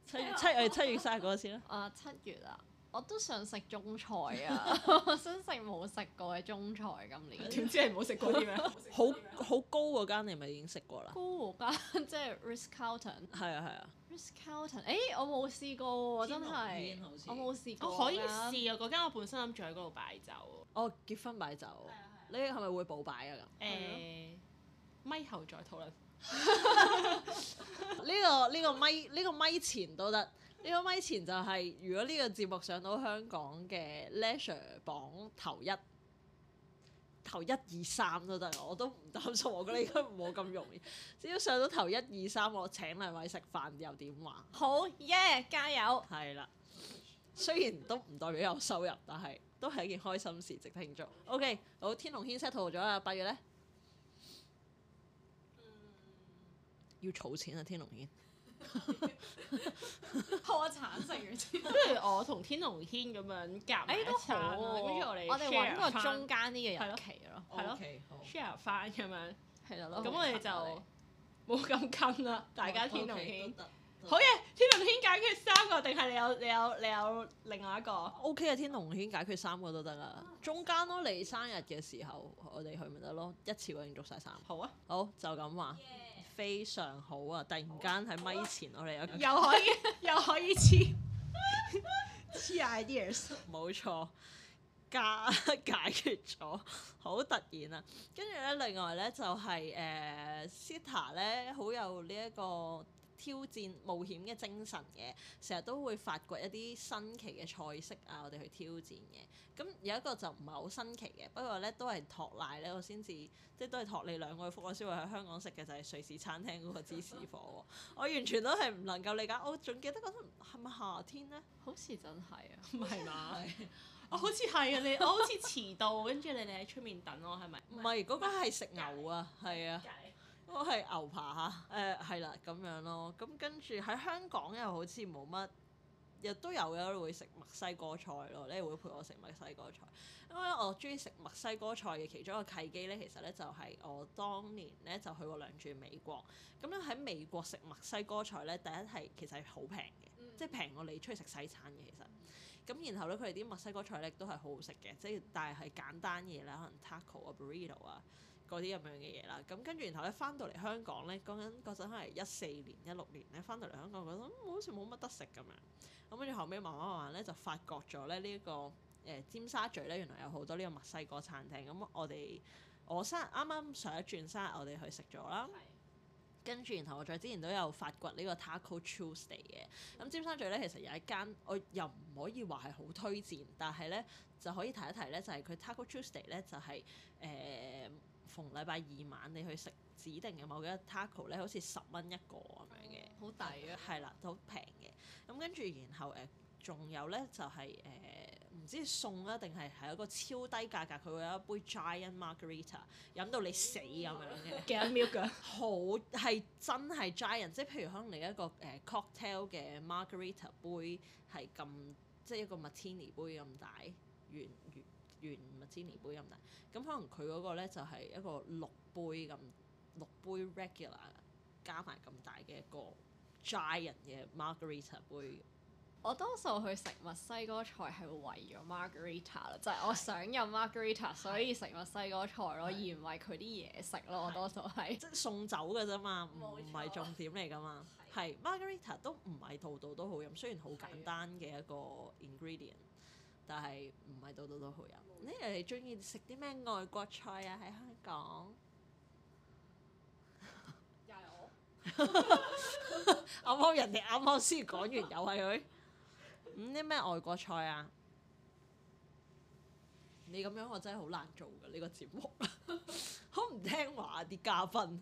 七月七誒七月生日嗰個先啦。啊、 呃，七月啊。我都想食中菜啊！想食冇食過嘅中菜，今年。點知係冇食過啲咩？好好高嗰間，你咪已經食過啦。高嗰間即係 Ritz Carlton 係啊係啊。Ritz Carlton 誒我冇試過喎，真係。我冇試過。我可以試啊！嗰間我本身諗住喺嗰度擺酒。哦，結婚擺酒。係係。你係咪會補擺啊？誒，咪後再討論。呢個呢個咪，呢個咪前都得。呢個咪前就係、是，如果呢個節目上到香港嘅 Leisure 榜頭一、頭一二三都得，我都唔擔心。 我覺得應該冇咁容易，只要上到頭一二三，我請兩位食飯又點話？好，耶、yeah！加油！係啦，雖然都唔代表有收入，但係都係一件開心事，值得慶祝。OK，好，天龍軒 set 圖咗啦，八月咧，要儲錢啊，天龍軒。我慘食完，不如我同天龍軒咁樣夾。哎，都好，跟住我哋我哋搵個中間啲嘅日期咯，係咯，share 翻咁樣，係咯，咁我哋就冇咁近啦。大家天龍軒，好嘅，天龍軒解決三個，定係你有你有你有另外一個？O K 啊，天龍軒解決三個都得啦，中間咯，你生日嘅時候我哋去咪得咯，一次過慶祝晒三個。好啊，好就咁話。非常好啊！突然間喺咪前，啊、我哋又又可以 又可以黐黐 ideas，冇錯，加解決咗，好突然啊！跟住咧，另外咧就係誒 Zita 咧，好、呃、有呢、這、一個。挑戰冒險嘅精神嘅，成日都會發掘一啲新奇嘅菜式啊，我哋去挑戰嘅。咁有一個就唔係好新奇嘅，不過咧都係托賴咧，我先至即係都係托你兩個福我先會喺香港食嘅就係瑞士餐廳嗰個芝士火，嗯、我完全都係唔能夠理解。我總記得嗰陣係咪夏天咧？好似真係啊，唔係嘛？ 我好似係啊，你我好似遲到，跟住你哋喺出面等我係咪？唔係嗰個係食牛啊，係啊。 都係牛扒嚇，誒，係啦，咁樣咯，咁跟住喺香港又好似冇乜，亦都有嘅會食墨西哥菜咯，你會陪我食墨西哥菜。因為我中意食墨西哥菜嘅其中一個契機咧，其實咧就係我當年咧就去過兩轉美國。咁咧喺美國食墨西哥菜咧，第一係其實係好平嘅，嗯、即係平過你出去食西餐嘅其實。咁然後咧，佢哋啲墨西哥菜咧都係好好食嘅，即係但係係簡單嘢咧，可能 taco 啊，burrito 啊。嗰啲咁樣嘅嘢啦，咁跟住然後咧，翻到嚟香港咧，講緊嗰陣可能係一四年、一六年咧，翻到嚟香港覺得好似冇乜得食咁樣。咁跟住後尾慢慢慢咧就發覺咗咧呢個、呃、尖沙咀咧原來有好多呢個墨西哥餐廳。咁我哋我生日啱啱上一轉生日，生日我哋去食咗啦。是跟住然後我再之前都有發掘呢個 Taco Tuesday 嘅。咁尖沙咀咧其實有一間，我又唔可以話係好推薦，但係咧就可以提一提咧，就係、是、佢 Taco Tuesday 咧就係、是、誒。呃同禮拜二晚你去食指定嘅某呢一個 taco 咧，好似十蚊一個咁樣嘅，好抵啊！係、嗯、啦，都好平嘅。咁、嗯、跟住然後誒，仲、呃、有咧就係、是、誒，唔、呃、知餸啦定係係一個超低價格，佢會有一杯 giant margarita 飲到你死咁樣嘅 giant 嘅。好係真係 giant，即係譬如可能你一個誒、呃、cocktail 嘅 margarita 杯係咁，即係一個 martini 杯咁大圓圓。圓原麥煎尼杯咁大，咁可能佢嗰個咧就係一個六杯咁六杯 regular，加埋咁大嘅一個 giant 嘅 margarita 杯。我多數去食墨西哥菜係為咗 margarita 啦，就係我想飲 margarita，對所以對食墨西哥菜咯，而唔係佢啲嘢食咯。我多數係即係送酒嘅啫嘛，唔唔係重點嚟噶嘛。係 margarita 都唔係度度都好飲，雖然好簡單嘅一個 ingredient 對。但係唔係度度都好飲。你哋中意食啲咩外國菜啊？喺香港 剛剛剛剛又係我啱啱人哋啱啱先講完，又係佢咁啲咩外國菜啊？你咁樣我真係好難做噶呢、呢個節目，好 唔聽話啲嘉賓。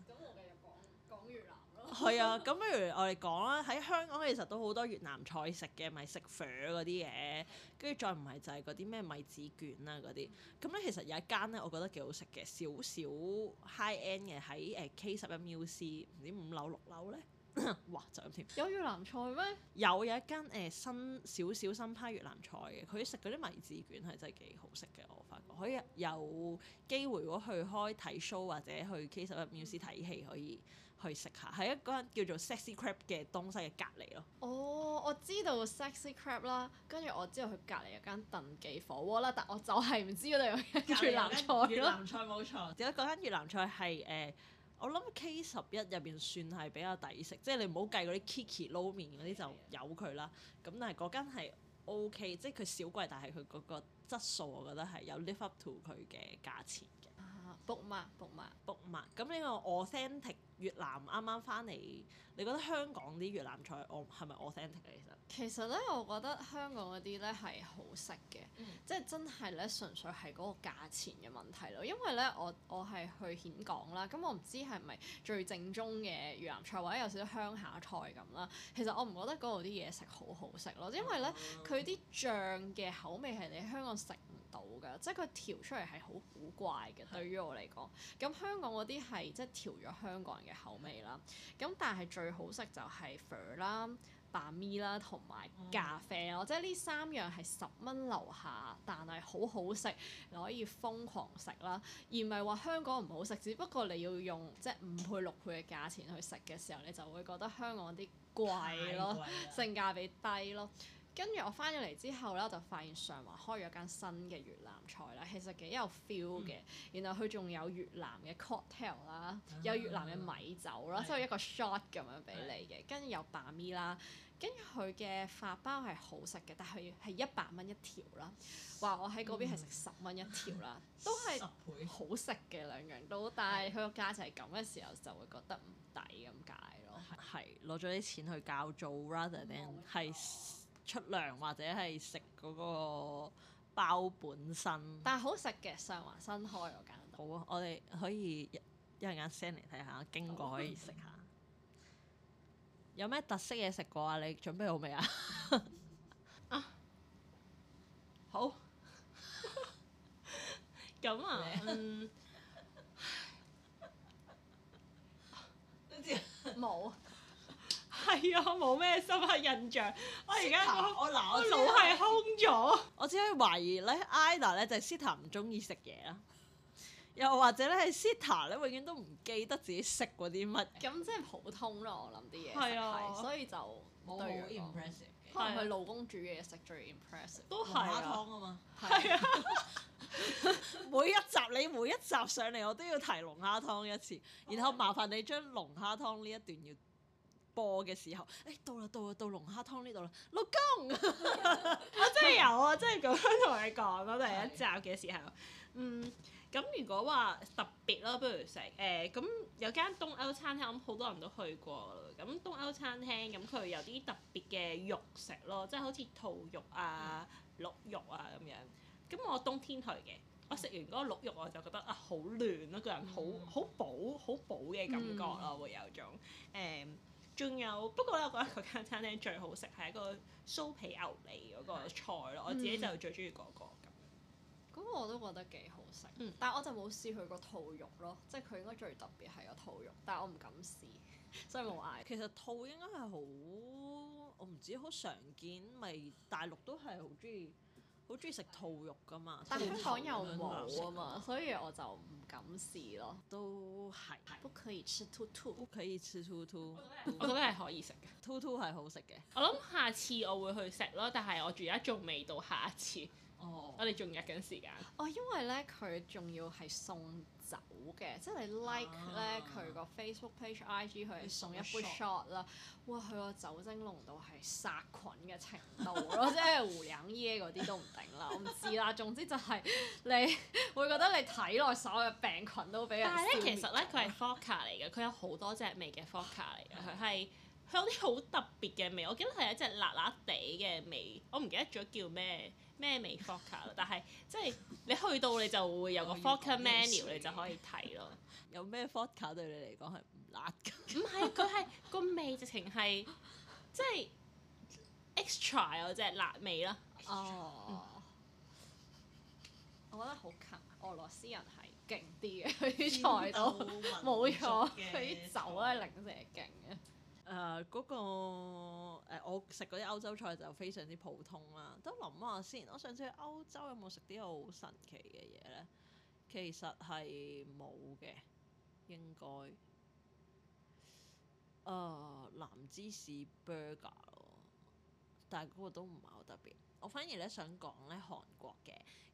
係啊，咁 不如我哋講啦，喺香港其實都好多越南菜食嘅，咪食粉嗰啲嘢，跟住再唔係就係嗰啲咩米紙卷啊嗰啲。咁咧其實有一間咧，我覺得幾好食嘅，少少 high end 嘅喺誒 K 十一 Musea 唔知五樓六樓咧，哇就咁添。 有越南菜咩？有有一間誒新少少新派越南菜嘅，佢食嗰啲米紙卷係真係幾好食嘅，我發覺可以有機會如果去開睇 show 或者去 K 十一 Musea 睇戲可以。去食下，係一間叫做 Sexy Crab 嘅東西嘅隔離咯。哦，oh，我知道 Sexy Crab 啦，跟住我知道佢隔離有間鄧記火鍋啦，但我就係唔知度有間越南菜。越南菜冇錯，只得嗰間越南菜係誒、呃，我諗 K 十一入邊算係比較抵食，即係你唔好計嗰啲 Kiki 撈麵嗰啲就有佢啦。咁但係嗰間係 OK，即係佢小貴，但係佢嗰個質素我覺得係有 live up to 佢嘅價錢。卜麻卜麻卜麻，咁呢個 authentic 越南啱啱翻嚟，你覺得香港啲越南菜，我係咪 authentic？其實其實咧，我覺得香港嗰啲咧係好食嘅，嗯、即係真係咧純粹係嗰個價錢嘅問題咯。因為咧，我我係去峴港啦，咁我唔知係咪最正宗嘅越南菜，或者有少少鄉下菜咁啦。其實我唔覺得嗰度啲嘢食好好食咯，因為咧佢啲醬嘅口味係你喺香港食。到㗎，即係佢調出嚟係好古怪嘅，對於我嚟講。咁香港嗰啲係即係調咗香港人嘅口味啦。咁但係最好食就係肥啦、爆米啦同埋咖啡啦。即係呢三樣係十蚊樓下，但係好好食，你可以瘋狂食啦。而唔係話香港唔好食，只不過你要用即係五倍六倍嘅價錢去食嘅時候，你就會覺得香港啲貴咯，貴性價比低咯。跟住我翻咗嚟之後咧，我就發現上環開咗間新嘅越南菜啦，其實幾有 feel 嘅。然後佢仲有越南嘅 cocktail 啦，有越南嘅米酒啦，即係一個 shot 咁樣俾你嘅。跟住有爸咪啦，跟住佢嘅法包係好食嘅，但係係一百蚊一條啦。話我喺嗰邊係食十蚊一條啦，都係好食嘅兩樣都，但係佢個價錢係咁嘅時候就會覺得唔抵咁解咯。係攞咗啲錢去教做 rather than 係。出糧或者係食嗰個包本身但，但係好食嘅。上環新開我揀到。好啊，我哋可以一陣間 send 嚟睇下，經過可以食下。有咩特色嘢食過啊？你準備好未啊？ 啊！好。咁 啊，嗯。冇、 嗯。係啊，冇咩深刻印象。 S ita, 我而家、那個、我腦係空咗。 我只可以懷疑咧，either 咧就係 Sita 唔中意食嘢啦，又或者咧係 Sita 咧永遠都唔記得自己食過啲乜。咁即係普通咯，我諗啲嘢係啊，所以就冇好 impressive。係咪老公煮嘅嘢食最 impressive？龍蝦湯啊嘛，係啊。是啊 每一集你每一集上嚟，我都要提龍蝦湯一次，然後麻煩你將龍蝦湯呢一段要。播嘅時候，誒、哎、到啦到啦到龍蝦湯呢度啦，老公， 我真係有啊，真係咁樣同你講，第一集嘅時候，嗯，咁如果話特別咯，不如食誒咁有間東歐餐廳，咁好多人都去過啦，咁東歐餐廳咁佢有啲特別嘅肉食咯，即係好似兔肉啊、鹿肉啊咁樣，咁我冬天去嘅，我食完嗰個鹿肉我就覺得啊好嫩咯，個人好好補好補嘅感覺咯、啊，會有種誒。嗯仲有不過咧，我覺得嗰間餐廳最好食係一個酥皮牛脷嗰個菜咯，嗯、我自己就最中意嗰個咁。咁我都覺得幾好食，嗯、但係我就冇試佢個兔肉咯，即係佢應該最特別係個兔肉，但我唔敢試，真係冇嗌。 其實兔應該係好，我唔知好常見，咪大陸都係好中意。好中意食兔肉噶嘛，但香港又冇啊嘛，嘛所以我就唔敢試咯。都係是，不可以吃兔兔，不可以吃兔兔。我覺得係可以食嘅，兔兔係好食嘅。我諗下次我會去食咯，但係我住、oh. 仲未到，下一次。哦。我哋仲約緊時間。哦，oh, 因為咧佢仲要係送。酒嘅，即係你 like 咧佢個、啊、Facebook page IG 佢送一杯 shot 啦，哇！佢個酒精濃度係殺菌嘅程度咯， 即係胡影耶嗰啲都唔定啦，我唔知啦。總之就係你會覺得你體內所有嘅病菌都俾人。但係咧，其實咧佢係 Vodka 嚟嘅，佢有好多隻味嘅 Vodka 嚟嘅，佢係佢有啲好特別嘅味。我記得係一隻辣辣地嘅味，我唔記得咗叫咩。咩味 vodka, 但係即係你去到你就會有個 vodka menu，你就可以睇咯。有咩 vodka 對你嚟講係唔辣㗎？唔 係、啊，佢係個味直情係即係 extra 嗰隻辣味啦。Extra? 哦，嗯、我覺得好近。俄羅斯人係勁啲嘅，佢啲菜都冇錯，佢啲酒咧零舍勁嘅。誒嗰、呃嗰個、呃、我食嗰啲歐洲菜就非常之普通啦。都諗下先，我上次去歐洲有冇食啲好神奇嘅嘢咧？其實係冇嘅，應該。誒、呃、藍芝士 burger 咯，但係嗰個都唔係好特別。我反而咧想講咧韓國嘅，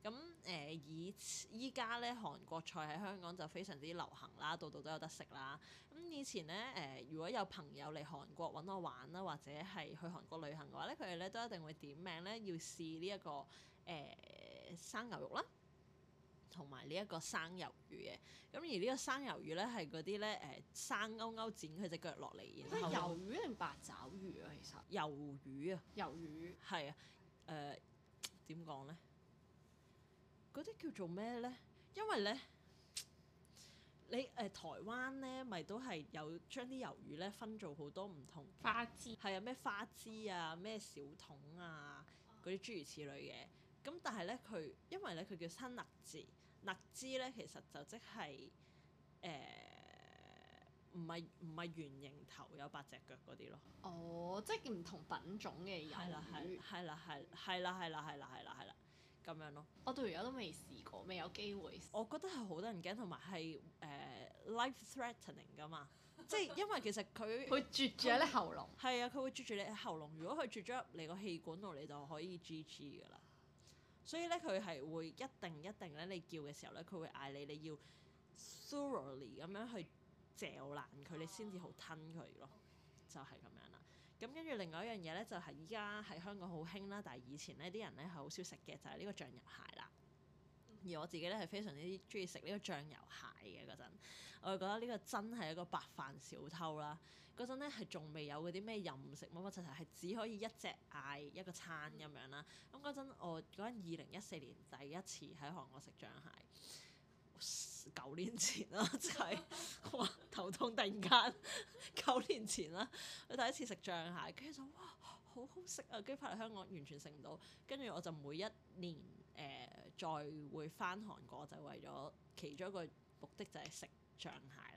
咁、嗯、誒以依家咧韓國菜喺香港就非常之流行啦，度度都有得食啦。咁、嗯、以前咧誒、呃，如果有朋友嚟韓國搵我玩啦，或者係去韓國旅行嘅話咧，佢哋咧都一定會點名咧要試呢、這、一個誒、呃、生牛肉啦，同埋呢一個生魷魚嘅。咁、嗯、而呢個生魷魚咧係嗰啲咧誒生勾勾剪佢隻腳落嚟，魷魚定八爪魚啊？其實魷魚，魷魚啊，魷魚係啊。誒點講咧？嗰啲、呃、叫做咩咧？因為咧，你誒、呃、台灣咧，咪都係有將啲魷魚咧分做好多唔同花枝，係啊，咩花枝啊，咩小桶啊，嗰啲諸如此類嘅。咁但係咧，佢因為咧，佢叫新鰻字，鰻字咧，其實就即係誒。呃唔係，唔係圓形頭，有八隻腳嗰啲咯。哦，即係唔同品種嘅人。係啦，係。係啦，係。係啦，係啦，係啦，係啦，咁樣咯。我到而家都未試過，未有機會。我覺得係好多人驚，同埋係誒 life threatening 㗎嘛。即係因為其實佢佢絕住喺你喉嚨。係啊，佢會絕住你喉嚨。如果佢絕咗入嚟個氣管度，你就可以 G G 㗎啦。所以咧，佢係會一定一定咧，你叫嘅時候咧，佢會嗌你你要 surely 咁樣去。嚼爛佢，你先至好吞佢咯，Okay. 就係咁樣啦。咁跟住另外一樣嘢咧，就係依家喺香港好興啦，但係以前呢啲人咧係好少食嘅，就係呢個醬油蟹啦。而我自己咧係非常之中意食呢個醬油蟹嘅嗰陣，我就覺得呢個真係一個白飯小偷啦。嗰陣咧係仲未有嗰啲咩任食乜乜柒柒，係只可以一隻嗌一個餐咁樣啦。咁嗰陣我嗰陣二零一四年第一次喺韓國食醬蟹。九年前啦，即係哇，頭痛突然間九 年前啦，我 第一次食醬蟹，跟住就哇好好食啊，跟住翻嚟香港完全食唔到，跟住我就每一年誒、呃、再會翻韓國就為咗其中一個目的就係食醬蟹。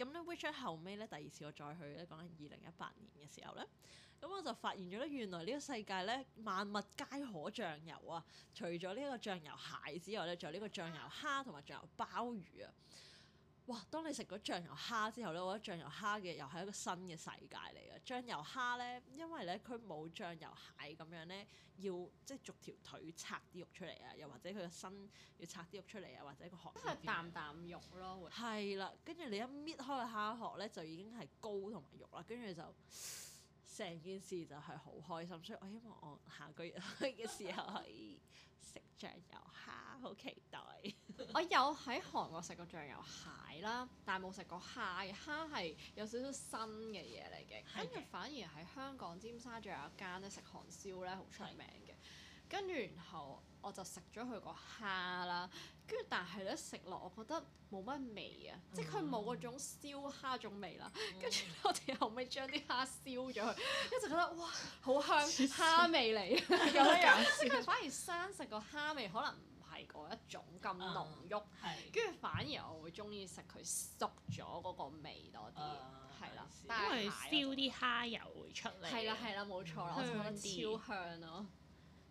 咁咧，which 後尾咧，第二次我再去咧，講緊二零一八年嘅時候咧，咁我就發現咗咧，原來呢個世界咧，萬物皆可醬油啊！除咗呢個醬油蟹之外咧，仲有呢個醬油蝦同埋醬油鮑魚啊！哇！當你食咗醬油蝦之後咧，我覺得醬油蝦嘅又係一個新嘅世界嚟嘅。醬油蝦咧，因為咧佢冇醬油蟹咁樣咧，要即係逐條腿拆啲肉出嚟啊，又或者佢個身要拆啲肉出嚟啊，或者個殼都係啖啖肉咯，會係啦。跟住你一搣開個蝦殼咧，就已經係膏同埋肉啦。跟住就成件事就係好開心，所以我希望我下個月去嘅時候可以食醬油蝦，好期待。 我有喺韓國食過醬油蟹啦，但係冇食過蟹蝦嘅蝦係有少少新嘅嘢嚟嘅，跟住反而喺香港尖沙咀有一間咧食韓燒咧好出名嘅，跟住然後我就食咗佢個蝦啦，跟住但係咧食落我覺得冇乜味啊，嗯、即係佢冇嗰種燒蝦種味啦，跟住、嗯、我哋後尾將啲蝦燒咗佢，一直覺得哇好香蝦味嚟，咁搞笑！即佢反而生食個蝦味可能。嗰一種咁濃郁，跟住、嗯、反而我會中意食佢縮咗嗰個味多啲，係啦、嗯，的因為燒啲蝦油會出嚟，係啦，係啦，冇錯啦，香，我超香咯，香，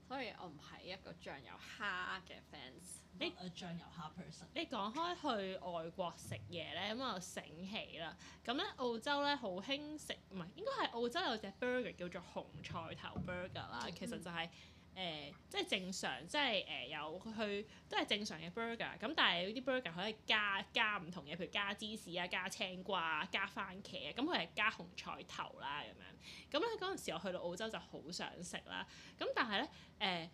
所以我唔係一個醬油蝦嘅 fans。你醬油蝦，你講開去外國食嘢咧，咁我又醒起啦，咁咧澳洲咧好興食，唔係，應該係澳洲有隻 burger 叫做紅菜頭 burger 啦，其實就係、是。嗯誒、呃、即係正常，即係誒有去都係正常嘅 burger 咁，但係啲 burger 可以加加唔同嘢，譬如加芝士啊、加青瓜、啊、加番茄啊，咁佢係加紅菜頭啦、啊、咁樣。咁咧嗰陣時我去到澳洲就好想食啦，咁但係咧誒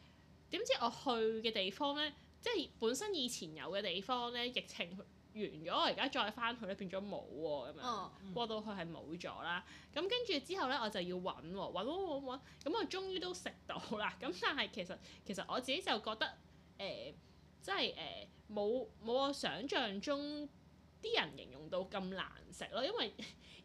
點知我去嘅地方咧，即係本身以前有嘅地方咧，疫情。完咗，我而家再翻去咧，變咗冇喎，咁樣、嗯、過到去係冇咗啦。咁跟住之後咧，我就要揾喎，揾揾揾揾，咁我終於都食到啦。咁但係其實其實我自己就覺得誒，即係誒冇冇我想象中。啲人形容到咁難食咯，因為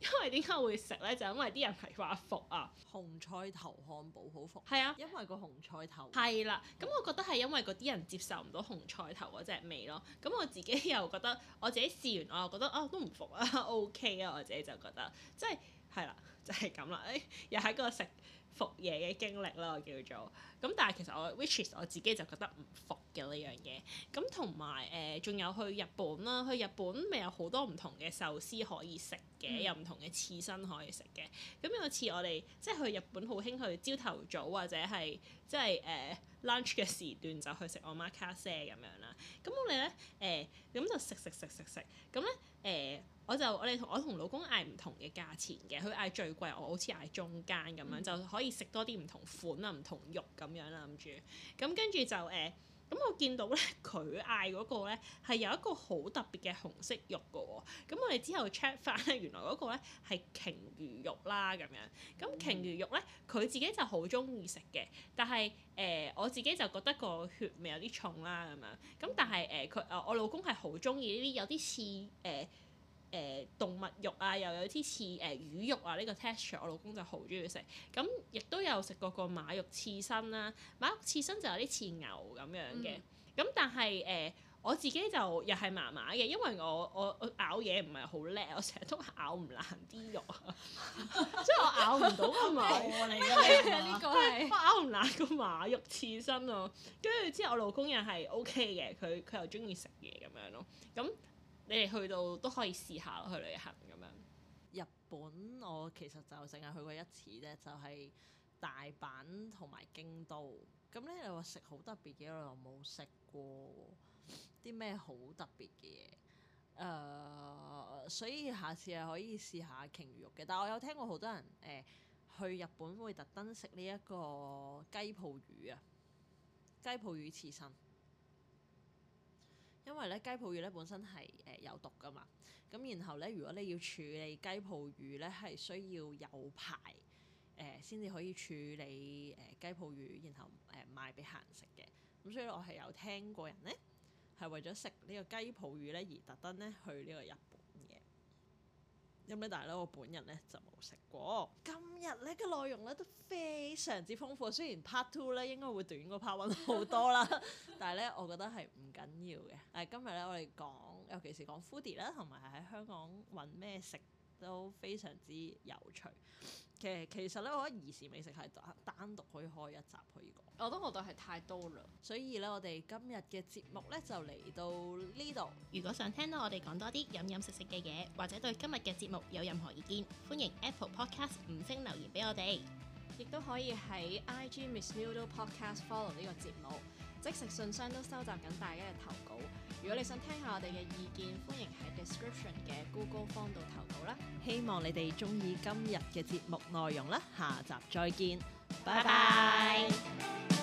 因為點解會食呢？就因為啲人係話服啊，紅菜頭漢堡好服。係啊，因為個紅菜頭。係啦、啊，咁我覺得係因為嗰啲人接受唔到紅菜頭嗰隻味咯。咁我自己又覺得，我自己試完我又覺得啊，都唔服啊 ，OK 啊，我自己就覺得，即係係啦，就係咁啦。誒、哎，又喺嗰個食服嘢嘅經歷啦，我叫做咁，但係其實我 which is 我自己就覺得唔服嘅呢樣嘢，咁同埋誒仲有去日本啦，去日本咪有好多唔同嘅壽司可以食嘅，嗯、有唔同嘅刺身可以食嘅，咁有次我哋即係去日本好興去朝頭早或者係即係誒 lunch 嘅時段就去食 omakase 咁樣啦，咁我哋咧誒咁就食食食食食，咁咧誒。我就我哋同我同老公嗌唔同嘅價錢嘅，佢嗌最貴，我好似嗌中間咁樣、嗯、就可以食多啲唔同款啊、唔同肉咁樣啦，諗住。咁跟住就誒，咁、呃、我見到咧佢嗌嗰個咧係有一個好特別嘅紅色肉㗎喎。咁我哋之後 check 翻咧，原來嗰個咧係鯨魚肉啦咁樣。咁鯨魚肉咧佢自己就好中意食嘅，但係誒、呃、我自己就覺得個血味有啲重啦咁樣。咁但係誒佢誒我老公係好中意呢啲有啲似。誒、呃。誒、呃、動物肉啊，又有啲似誒魚肉啊，呢、這個 texture 我老公就好中意食，咁亦都有食過個馬肉刺身啦，啊，馬肉刺身就有啲似牛咁樣嘅，咁、嗯、但係誒、呃、我自己就又係麻麻嘅，因為我我我咬嘢唔係好叻，我成日都咬唔爛啲肉啊，即係我咬唔到個馬嚟㗎，我咬唔爛個馬肉刺身啊，跟住之後我老公、OK、又係 OK 嘅，佢佢又中意食嘢咁樣咯，咁。你哋去到都可以試下去旅行咁樣。日本我其實就淨係去過一次啫，就係、是、大阪同埋京都。咁咧你話食好特別嘅，我又冇食過啲咩好特別嘅嘢。誒、呃，所以下次係可以試下鯨魚肉嘅。但係我有聽過好多人誒、呃、去日本會特登食呢一個雞泡魚啊，雞泡魚刺身。因為咧雞泡魚咧本身係誒、呃、有毒㗎嘛，咁然後咧如果你要處理雞泡魚咧，係需要有牌誒先至可以處理誒雞、呃、泡魚，然後誒賣俾客人食嘅，咁所以我係有聽過人咧係為咗食呢個雞泡魚咧而特登咧去呢個日本。咁咧，但係咧，我本人咧就冇食過。今日咧嘅內容咧都非常之豐富，雖然 part two 咧應該會短過 part one 好多啦， 但係咧我覺得係唔緊要嘅。但係今日咧我哋講，尤其是講 foodie 啦，同埋喺香港揾咩食。都非常之有趣，其實咧，我，我覺得兒時美食係單單獨可以開一集可以講。我都覺得係太多啦，所以咧，我哋今日嘅節目咧就嚟到呢度。如果想聽到我哋講多啲飲飲食食嘅嘢，或者對今日嘅節目有任何意見，歡迎 Apple Podcast 五星留言俾我哋，亦都可以喺 IG Miss Noodle Podcast follow 呢個節目，即食信箱都收集緊大家嘅投稿。如果你想聽下我哋嘅意見，歡迎喺 description 嘅 Google form 度投稿啦。希望你哋中意今日嘅節目內容啦，下集再見，拜拜 bye。Bye bye。